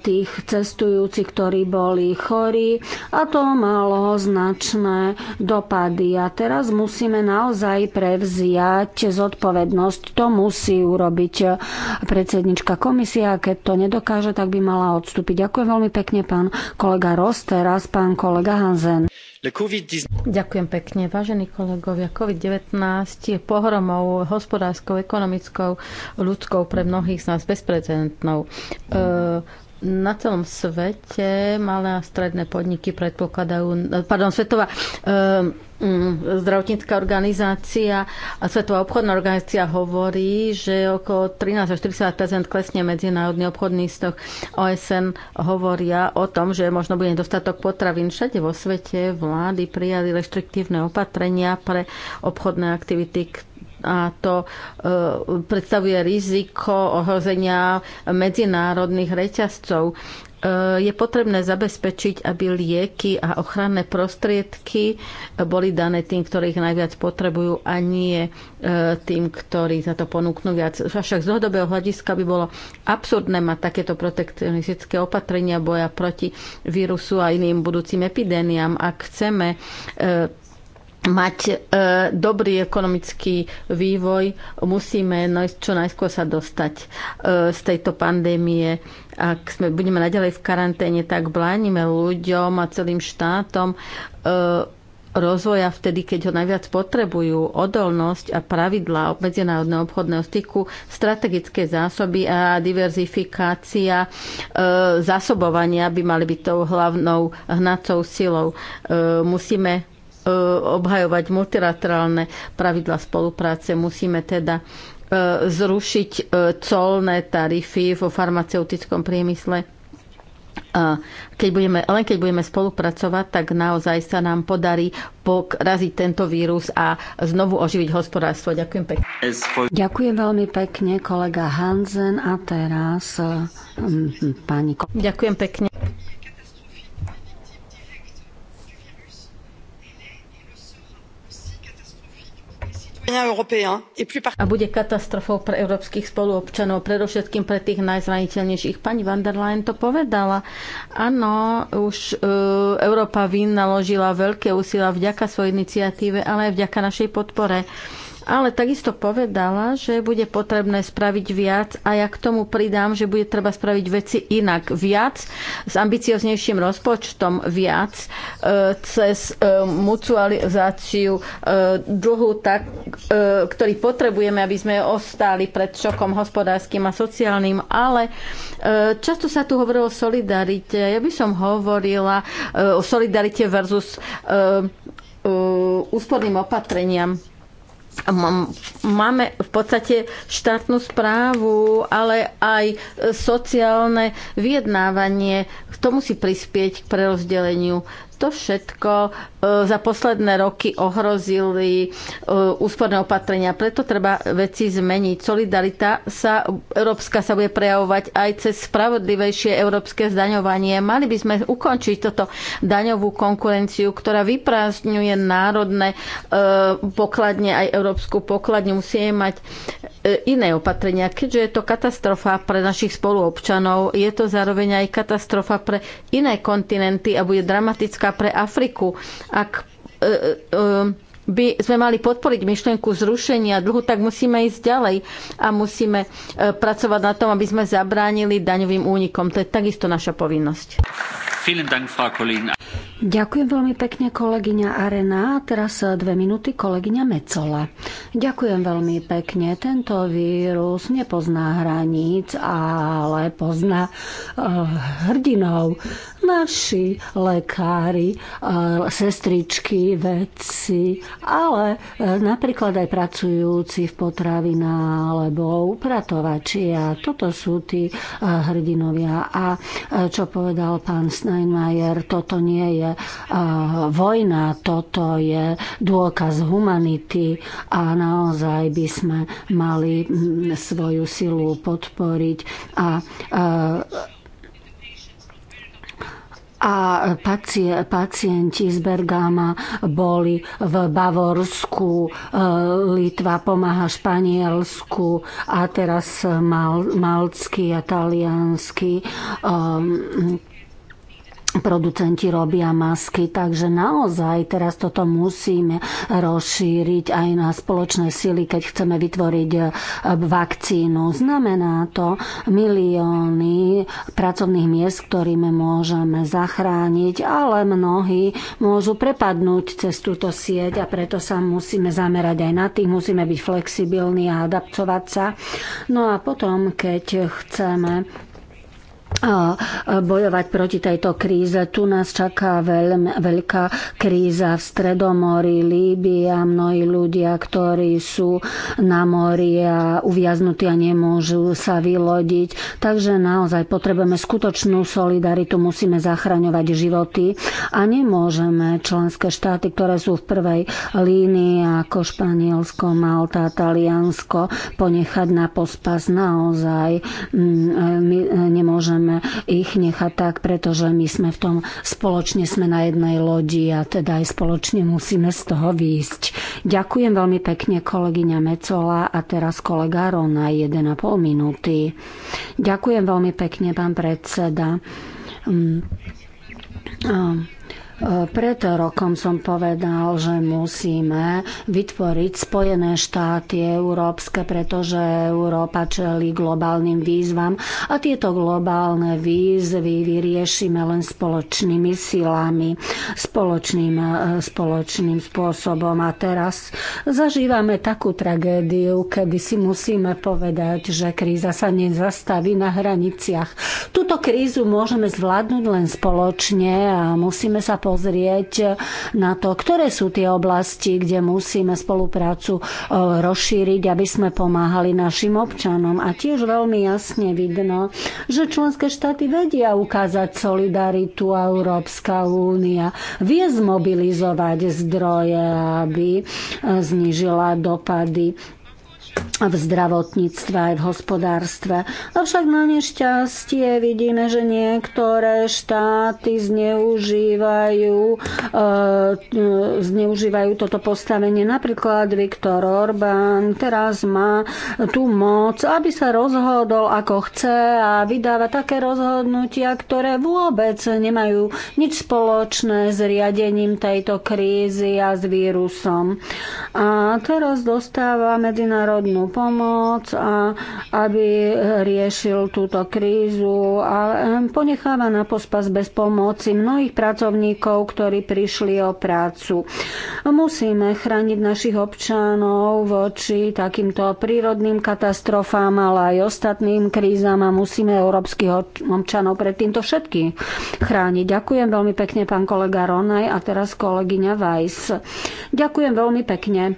tých cestujúcich, ktorí boli chorí a to malo jednoznačné dopady. A teraz musíme naozaj prevziať zodpovednosť. To musí urobiť predsednička komisia. Keď to nedokáže, tak by mala odstúpiť. Ďakujem veľmi pekne, pán kolega Ross, teraz pán kolega Hanzen. Ďakujem pekne. Vážení kolegovia, COVID-19 je pohromou hospodárskou, ekonomickou, ľudskou pre mnohých z nás bezprecedentnou. E, na celom svete malé a stredné podniky predpokladajú, pardon, Svetová ehm, mm, zdravotnícká organizácia a Svetová obchodná organizácia hovorí, že okolo 13 až 40 klesne medzinárodný obchodný stok. OSN hovoria o tom, že možno bude nedostatok potravín. Všade vo svete vlády prijali reštriktívne opatrenia pre obchodné aktivity, a to e, predstavuje riziko ohrozenia medzinárodných reťazcov. E, je potrebné zabezpečiť, aby lieky a ochranné prostriedky boli dané tým, ktorí ich najviac potrebujú a nie e, tým, ktorí za to ponúknú viac. Však z dlhodobého hľadiska by bolo absurdné mať takéto protekcionistické opatrenia boja proti vírusu a iným budúcim epidémiám. Ak chceme mať e, dobrý ekonomický vývoj, musíme no, čo najskôr sa dostať e, z tejto pandémie. Ak sme, budeme naďalej v karanténe, tak blánime ľuďom a celým štátom e, rozvoja vtedy, keď ho najviac potrebujú, odolnosť a pravidla medzinárodného obchodného styku, strategické zásoby a diverzifikácia e, zásobovania by mali byť tou hlavnou hnacou silou. E, musíme Eh, obhajovať multilaterálne pravidla spolupráce. Musíme teda eh, zrušiť eh, colné tarify vo farmaceutickom priemysle. Keď budeme, len keď budeme spolupracovať, tak naozaj sa nám podarí pokraziť tento vírus a znovu oživiť hospodárstvo. Ďakujem pekne. Ďakujem veľmi pekne kolega Hansen a teraz pani. Ďakujem pekne. a bude katastrofou pre európskych spoluobčanov, predovšetkým pre tých najzraniteľnejších. Pani van der Leyen to povedala. Áno, už uh, Európa vynaložila veľké úsilia vďaka svojej iniciatíve, ale aj vďaka našej podpore. Uh, ale takisto povedala, že bude potrebné spraviť viac a ja k tomu pridám, že bude treba spraviť veci inak. Viac, s ambicioznejším rozpočtom viac, e, cez e, mutualizáciu e, dlhu, tak, ktorý potrebujeme, aby sme ostali pred šokom hospodárskym a sociálnym, ale často sa tu hovorilo o solidarite. Ja by som hovorila o solidarite versus úsporným opatreniam máme v podstate štátnu správu, ale aj e, sociálne vyjednávanie. K tomu si prispieť k prerozdeleniu to všetko e, za posledné roky ohrozili e, úsporné opatrenia. Preto treba veci zmeniť. Solidarita sa, európska sa bude prejavovať aj cez spravodlivejšie európske zdaňovanie. Mali by sme ukončiť toto daňovú konkurenciu, ktorá vyprázdňuje národné e, pokladne aj európsku pokladňu. Musíme mať iné opatrenia. Keďže je to katastrofa pre našich spoluobčanov, je to zároveň aj katastrofa pre iné kontinenty a bude dramatická pre Afriku. Ak e, e, e, by sme mali podporiť myšlienku zrušenia dlhu, tak musíme ísť ďalej a musíme e, pracovať na tom, aby sme zabránili daňovým únikom. To je takisto naša povinnosť. Ďakujem veľmi pekne kolegyňa Arena. Teraz eh, dve minúty kolegyňa Mecola. Ďakujem veľmi pekne. Tento vírus nepozná hraníc, ale pozná uh, hrdinov. Naši lekári, uh, sestričky, vedci, ale uh, napríklad aj pracujúci v potravina alebo A Toto sú tí uh, hrdinovia. A uh, čo povedal pán Steinmeier, toto nie je vojna, toto je dôkaz humanity a naozaj by sme mali mm, svoju silu podporiť a a pacienti z Bergama boli v Bavorsku, e, Litva pomáha Španielsku a teraz mal, malcký a taliansky um, e, producenti robia masky, takže naozaj teraz toto musíme rozšíriť aj na spoločné sily, keď chceme vytvoriť e, vakcínu. Znamená to milióny pracovných miest, ktorými môžeme zachrániť, ale mnohí môžu prepadnúť cez túto sieť a preto sa musíme zamerať aj na tých, musíme byť flexibilní a adaptovať sa. No a potom, keď chceme bojovať proti tejto kríze. Tu nás čaká veľmi, veľká kríza v Stredomori, Líbia, mnohí ľudia, ktorí sú na mori a uviaznutí a nemôžu sa vylodiť. Takže naozaj potrebujeme skutočnú solidaritu, musíme zachraňovať životy a nemôžeme členské štáty, ktoré sú v prvej línii ako Španielsko, Malta, Taliansko ponechať na pospas. Naozaj mm, my e, nemôžeme nemôžeme ich nechať tak, pretože my sme v tom spoločne sme na jednej lodi a teda aj spoločne musíme z toho výjsť. Ďakujem veľmi pekne kolegyňa Mecola a teraz kolega Rona 1,5 minúty. Ďakujem veľmi pekne, pán predseda. Um, um, E, pred rokom som povedal, že musíme vytvoriť Spojené štáty európske, pretože Európa čelí globálnym výzvam a tieto globálne výzvy vyriešime len spoločnými silami, spoločným, e, spoločným spôsobom. A teraz zažívame takú tragédiu, kedy si musíme povedať, že kríza sa nezastaví na hraniciach. Tuto krízu môžeme zvládnuť len spoločne a musíme sa povedať, pozrieť na to, ktoré sú tie oblasti, kde musíme spoluprácu e, rozšíriť, aby sme pomáhali našim občanom. A tiež veľmi jasne vidno, že členské štáty vedia ukázať solidaritu a Európska únia vie zmobilizovať zdroje, aby e, znižila dopady v zdravotníctve aj v hospodárstve. Avšak na nešťastie vidíme, že niektoré štáty zneužívajú, e, zneužívajú toto postavenie. Napríklad Viktor Orbán teraz má tú moc, aby sa rozhodol ako chce a vydáva také rozhodnutia, ktoré vôbec nemajú nič spoločné s riadením tejto krízy a s vírusom. A teraz dostáva medzinárodný medzinárodnú pomoc a aby riešil túto krízu a ponecháva na pospas bez pomoci mnohých pracovníkov, ktorí prišli o prácu. Musíme chrániť našich občanov voči takýmto prírodným katastrofám, ale aj ostatným krízam a musíme európskych občanov pred týmto všetkým chrániť. Ďakujem veľmi pekne, pán kolega Ronaj a teraz kolegyňa Vajs. Ďakujem veľmi pekne.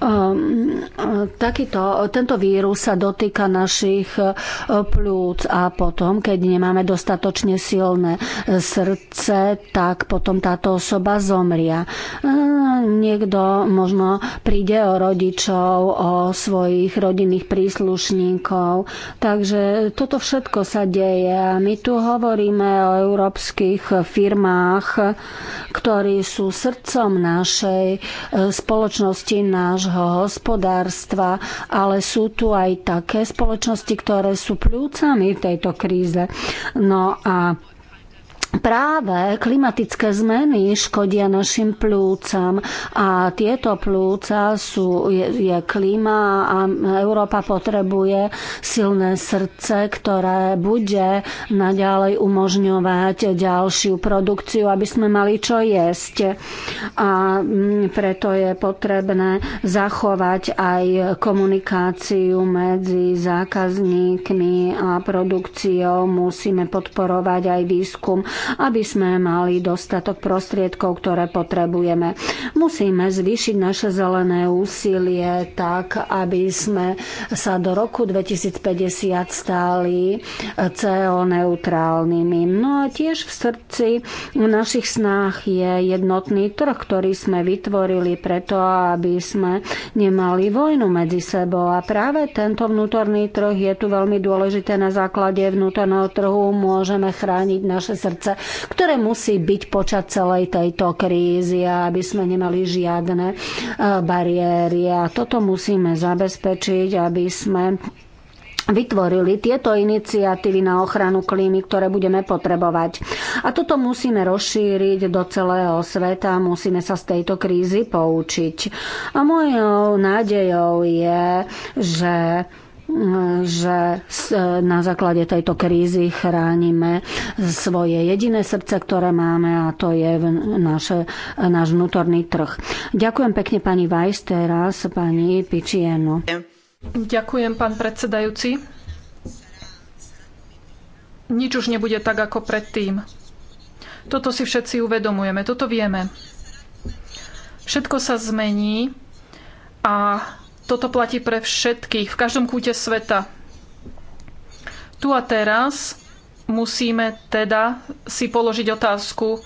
Um, takýto, tento vírus sa dotýka našich e, plúc a potom, keď nemáme dostatočne silné e, srdce, tak potom táto osoba zomria. E, niekto možno príde o rodičov, o svojich rodinných príslušníkov. Takže toto všetko sa deje a my tu hovoríme o európskych firmách, ktorí sú srdcom našej spoločnosti, nášho nášho hospodárstva, ale sú tu aj také spoločnosti, ktoré sú pľúcami v tejto kríze. No a Práve klimatické zmeny škodia našim plúcam a tieto plúca sú, je, je klíma a Európa potrebuje silné srdce, ktoré bude naďalej umožňovať ďalšiu produkciu, aby sme mali čo jesť. A mm, preto je potrebné zachovať aj komunikáciu medzi zákazníkmi a produkciou. Musíme podporovať aj výskum aby sme mali dostatok prostriedkov, ktoré potrebujeme. Musíme zvýšiť naše zelené úsilie tak, aby sme sa do roku 2050 stali CO neutrálnymi. No a tiež v srdci v našich snách je jednotný trh, ktorý sme vytvorili preto, aby sme nemali vojnu medzi sebou. A práve tento vnútorný trh je tu veľmi dôležité. Na základe vnútorného trhu môžeme chrániť naše srdce ktoré musí byť počas celej tejto krízy a aby sme nemali žiadne e, bariéry. A toto musíme zabezpečiť, aby sme vytvorili tieto iniciatívy na ochranu klímy, ktoré budeme potrebovať. A toto musíme rozšíriť do celého sveta, musíme sa z tejto krízy poučiť. A mojou nádejou je, že že e, na základe tejto krízy chránime svoje jediné srdce, ktoré máme a to je naše, náš vnútorný trh. Ďakujem pekne pani Vajs, teraz pani Pičienu. Ďakujem, pán predsedajúci. Nič už nebude tak ako predtým. Toto si všetci uvedomujeme, toto vieme. Všetko sa zmení a toto platí pre všetkých, v každom kúte sveta. Tu a teraz musíme teda si položiť otázku,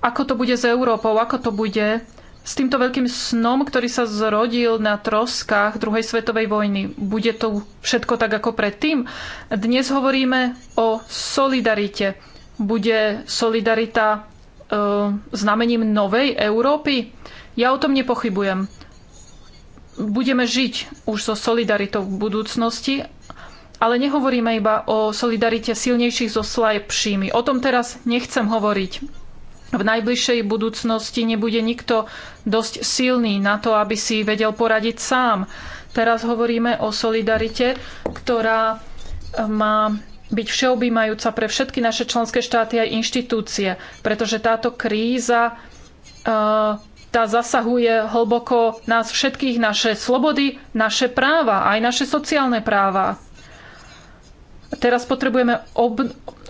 ako to bude s Európou, ako to bude s týmto veľkým snom, ktorý sa zrodil na troskách druhej svetovej vojny. Bude to všetko tak ako predtým? Dnes hovoríme o solidarite. Bude solidarita e, znamením novej Európy? Ja o tom nepochybujem budeme žiť už so solidaritou v budúcnosti, ale nehovoríme iba o solidarite silnejších so slabšími. O tom teraz nechcem hovoriť. V najbližšej budúcnosti nebude nikto dosť silný na to, aby si vedel poradiť sám. Teraz hovoríme o solidarite, ktorá eh, má byť všeobjímajúca pre všetky naše členské štáty aj inštitúcie, pretože táto kríza uh, tá zasahuje hlboko nás všetkých, naše slobody, naše práva, aj naše sociálne práva. Teraz potrebujeme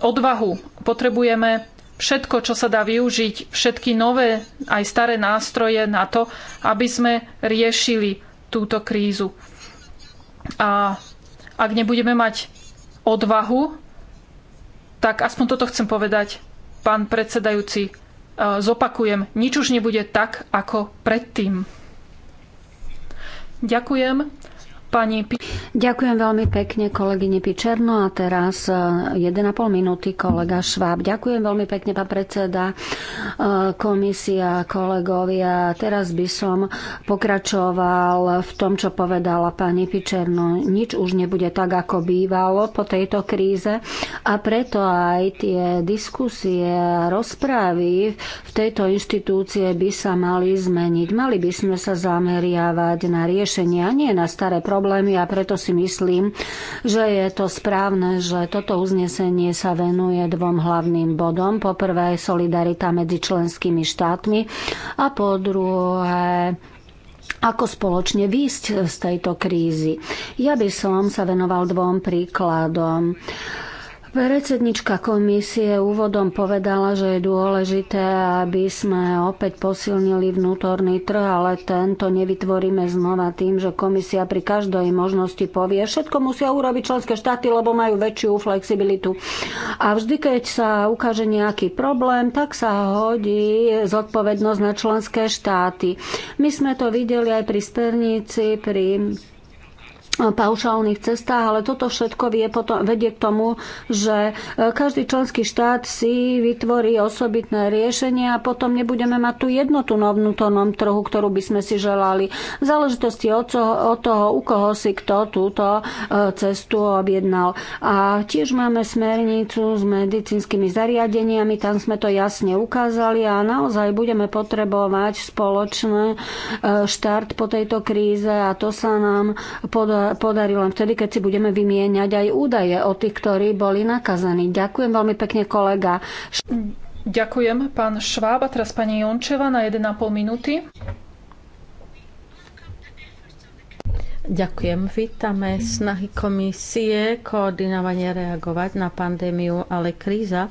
odvahu, potrebujeme všetko, čo sa dá využiť, všetky nové aj staré nástroje na to, aby sme riešili túto krízu. A ak nebudeme mať odvahu, tak aspoň toto chcem povedať, pán predsedajúci, Eh, zopakujem, nič už nebude tak, ako predtým. Ďakujem pani... Ďakujem veľmi pekne kolegyne Pičerno a teraz 1,5 e, minúty kolega Šváb. Ďakujem veľmi pekne, pán predseda, e, komisia, kolegovia. Teraz by som pokračoval v tom, čo povedala pani Pičerno. Nič už nebude tak, ako bývalo po tejto kríze a preto aj tie diskusie, rozprávy v tejto inštitúcie by sa mali zmeniť. Mali by sme sa zameriavať na riešenie, a nie na staré problémy, problémy a preto si myslím, že je to správne, že toto uznesenie sa venuje dvom hlavným bodom. Po prvé solidarita medzi členskými štátmi a po druhé ako spoločne výjsť z tejto krízy. Ja by som sa venoval dvom príkladom. Predsednička komisie úvodom povedala, že je dôležité, aby sme opäť posilnili vnútorný trh, ale tento nevytvoríme znova tým, že komisia pri každej možnosti povie, všetko musia urobiť členské štáty, lebo majú väčšiu flexibilitu. A vždy, keď sa ukáže nejaký problém, tak sa hodí zodpovednosť na členské štáty. My sme to videli aj pri spernici, pri E, paušálnych cestách, ale toto všetko vie potom, vedie k tomu, že e, každý členský štát si vytvorí osobitné riešenie a potom nebudeme mať tú jednotu na vnútornom trhu, ktorú by sme si želali. V záležitosti od, toho, od toho u koho si kto túto e, cestu objednal. A tiež máme smernicu s medicínskymi zariadeniami, tam sme to jasne ukázali a naozaj budeme potrebovať spoločný štart po tejto kríze a to sa nám podarí podarí len vtedy, keď si budeme vymieňať aj údaje o tých, ktorí boli nakazaní. Ďakujem veľmi pekne, kolega. Ďakujem, pán Šváb. A teraz pani Jončeva na 1,5 minúty. Ďakujem. Vítame snahy komisie koordinovanie reagovať na pandémiu, ale kríza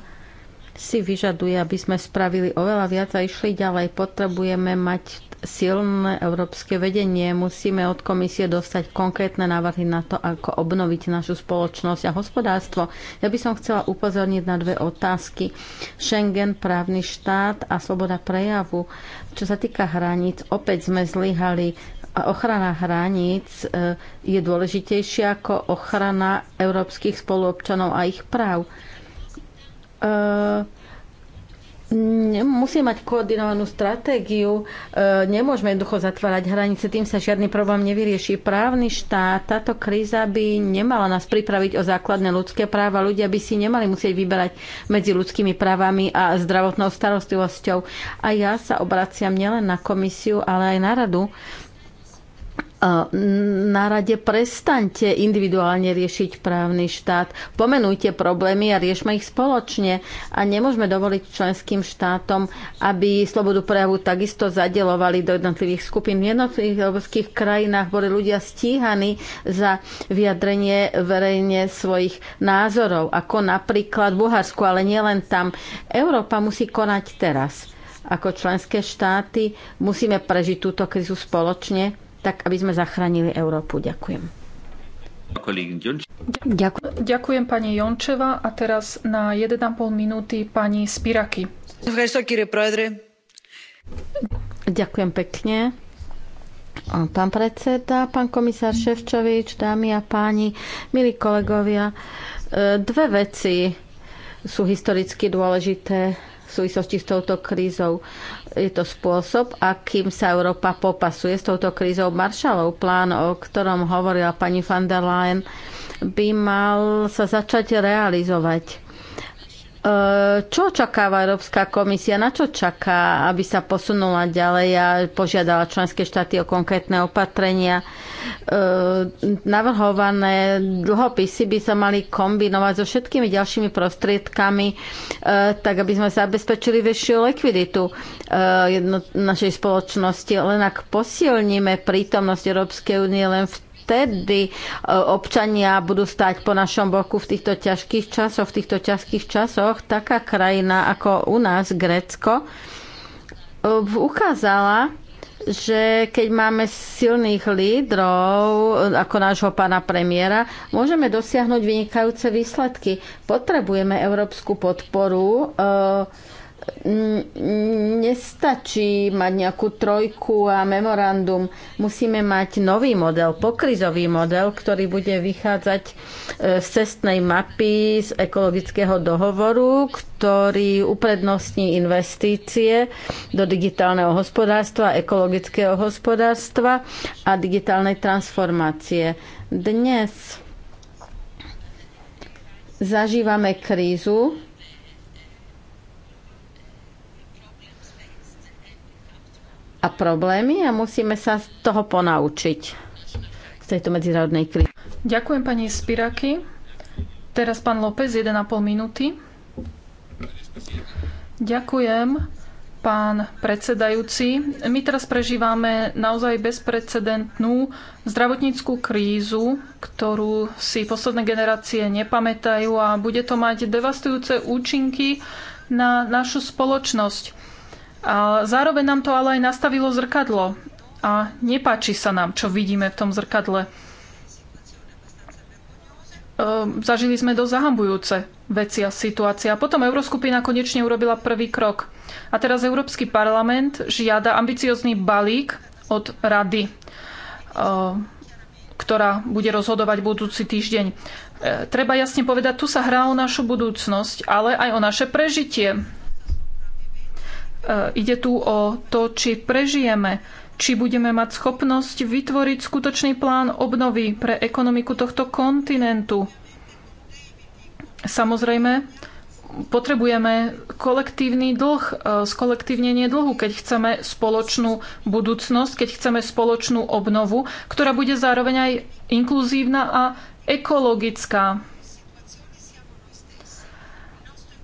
si vyžaduje, aby sme spravili oveľa viac a išli ďalej. Potrebujeme mať silné európske vedenie. Musíme od komisie dostať konkrétne návrhy na to, ako obnoviť našu spoločnosť a hospodárstvo. Ja by som chcela upozorniť na dve otázky. Schengen, právny štát a sloboda prejavu. Čo sa týka hraníc, opäť sme zlyhali a ochrana hraníc eh, je dôležitejšia ako ochrana európskych spoluobčanov a ich práv. Eh, musí mať koordinovanú stratégiu, e, nemôžeme jednoducho zatvárať hranice, tým sa žiadny problém nevyrieši. Právny štát, táto kríza by nemala nás pripraviť o základné ľudské práva. Ľudia by si nemali musieť vyberať medzi ľudskými právami a zdravotnou starostlivosťou. A ja sa obraciam nielen na komisiu, ale aj na radu Mm, na rade prestaňte individuálne riešiť právny štát. Pomenujte problémy a riešme ich spoločne. A nemôžeme dovoliť členským štátom, aby slobodu prejavu takisto zadelovali do jednotlivých skupín. V jednotlivých európskych krajinách boli ľudia stíhaní za vyjadrenie verejne svojich názorov, ako napríklad v Bulharsku, ale nielen tam. Európa musí konať teraz. Ako členské štáty musíme prežiť túto krizu spoločne tak aby sme zachránili Európu. Ďakujem. Ďakujem. Ďakujem pani Jončeva a teraz na 1,5 minúty pani Spiraky. Ďakujem pekne. Pán predseda, pán komisár Ševčovič, dámy a páni, milí kolegovia, e, dve veci sú historicky dôležité v súvislosti s touto krízou. Je to spôsob, akým sa Európa popasuje s touto krízou. Maršalov plán, o ktorom hovorila pani van der Leyen, by mal sa začať realizovať Ehm, čo očakáva Európska komisia? Na čo čaká, aby sa posunula ďalej a požiadala členské štáty o konkrétne opatrenia? Ehm, navrhované dlhopisy by sa mali kombinovať so všetkými ďalšími prostriedkami, ehm, tak aby sme zabezpečili väčšiu likviditu našej spoločnosti. Len ak posilníme prítomnosť Európskej únie len v vtedy e, občania budú stať po našom boku v týchto ťažkých časoch. V týchto ťažkých časoch taká krajina ako u nás, Grécko, e, ukázala, že keď máme silných lídrov, e, ako nášho pána premiéra, môžeme dosiahnuť vynikajúce výsledky. Potrebujeme európsku podporu. E, nestačí mať nejakú trojku a memorandum. Musíme mať nový model, pokrizový model, ktorý bude vychádzať e, z cestnej mapy z ekologického dohovoru, ktorý uprednostní investície do digitálneho hospodárstva, ekologického hospodárstva a digitálnej transformácie. Dnes zažívame krízu, a problémy a musíme sa z toho ponaučiť z tejto medzinárodnej krízy. Ďakujem pani Spiraky. Teraz pán López, 1,5 minúty. Ďakujem, pán predsedajúci. My teraz prežívame naozaj bezprecedentnú zdravotníckú krízu, ktorú si posledné generácie nepamätajú a bude to mať devastujúce účinky na našu spoločnosť. A zároveň nám to ale aj nastavilo zrkadlo a nepáči sa nám, čo vidíme v tom zrkadle. Ehm, zažili sme dosť zahambujúce veci a situácie. A potom Euroskupina konečne urobila prvý krok. A teraz Európsky parlament žiada ambiciozný balík od rady, ehm, ktorá bude rozhodovať budúci týždeň. Ehm, treba jasne povedať, tu sa hrá o našu budúcnosť, ale aj o naše prežitie. E, ide tu o to, či prežijeme, či budeme mať schopnosť vytvoriť skutočný plán obnovy pre ekonomiku tohto kontinentu. Samozrejme, potrebujeme kolektívny dlh, e, skolektívnenie dlhu, keď chceme spoločnú budúcnosť, keď chceme spoločnú obnovu, ktorá bude zároveň aj inkluzívna a ekologická.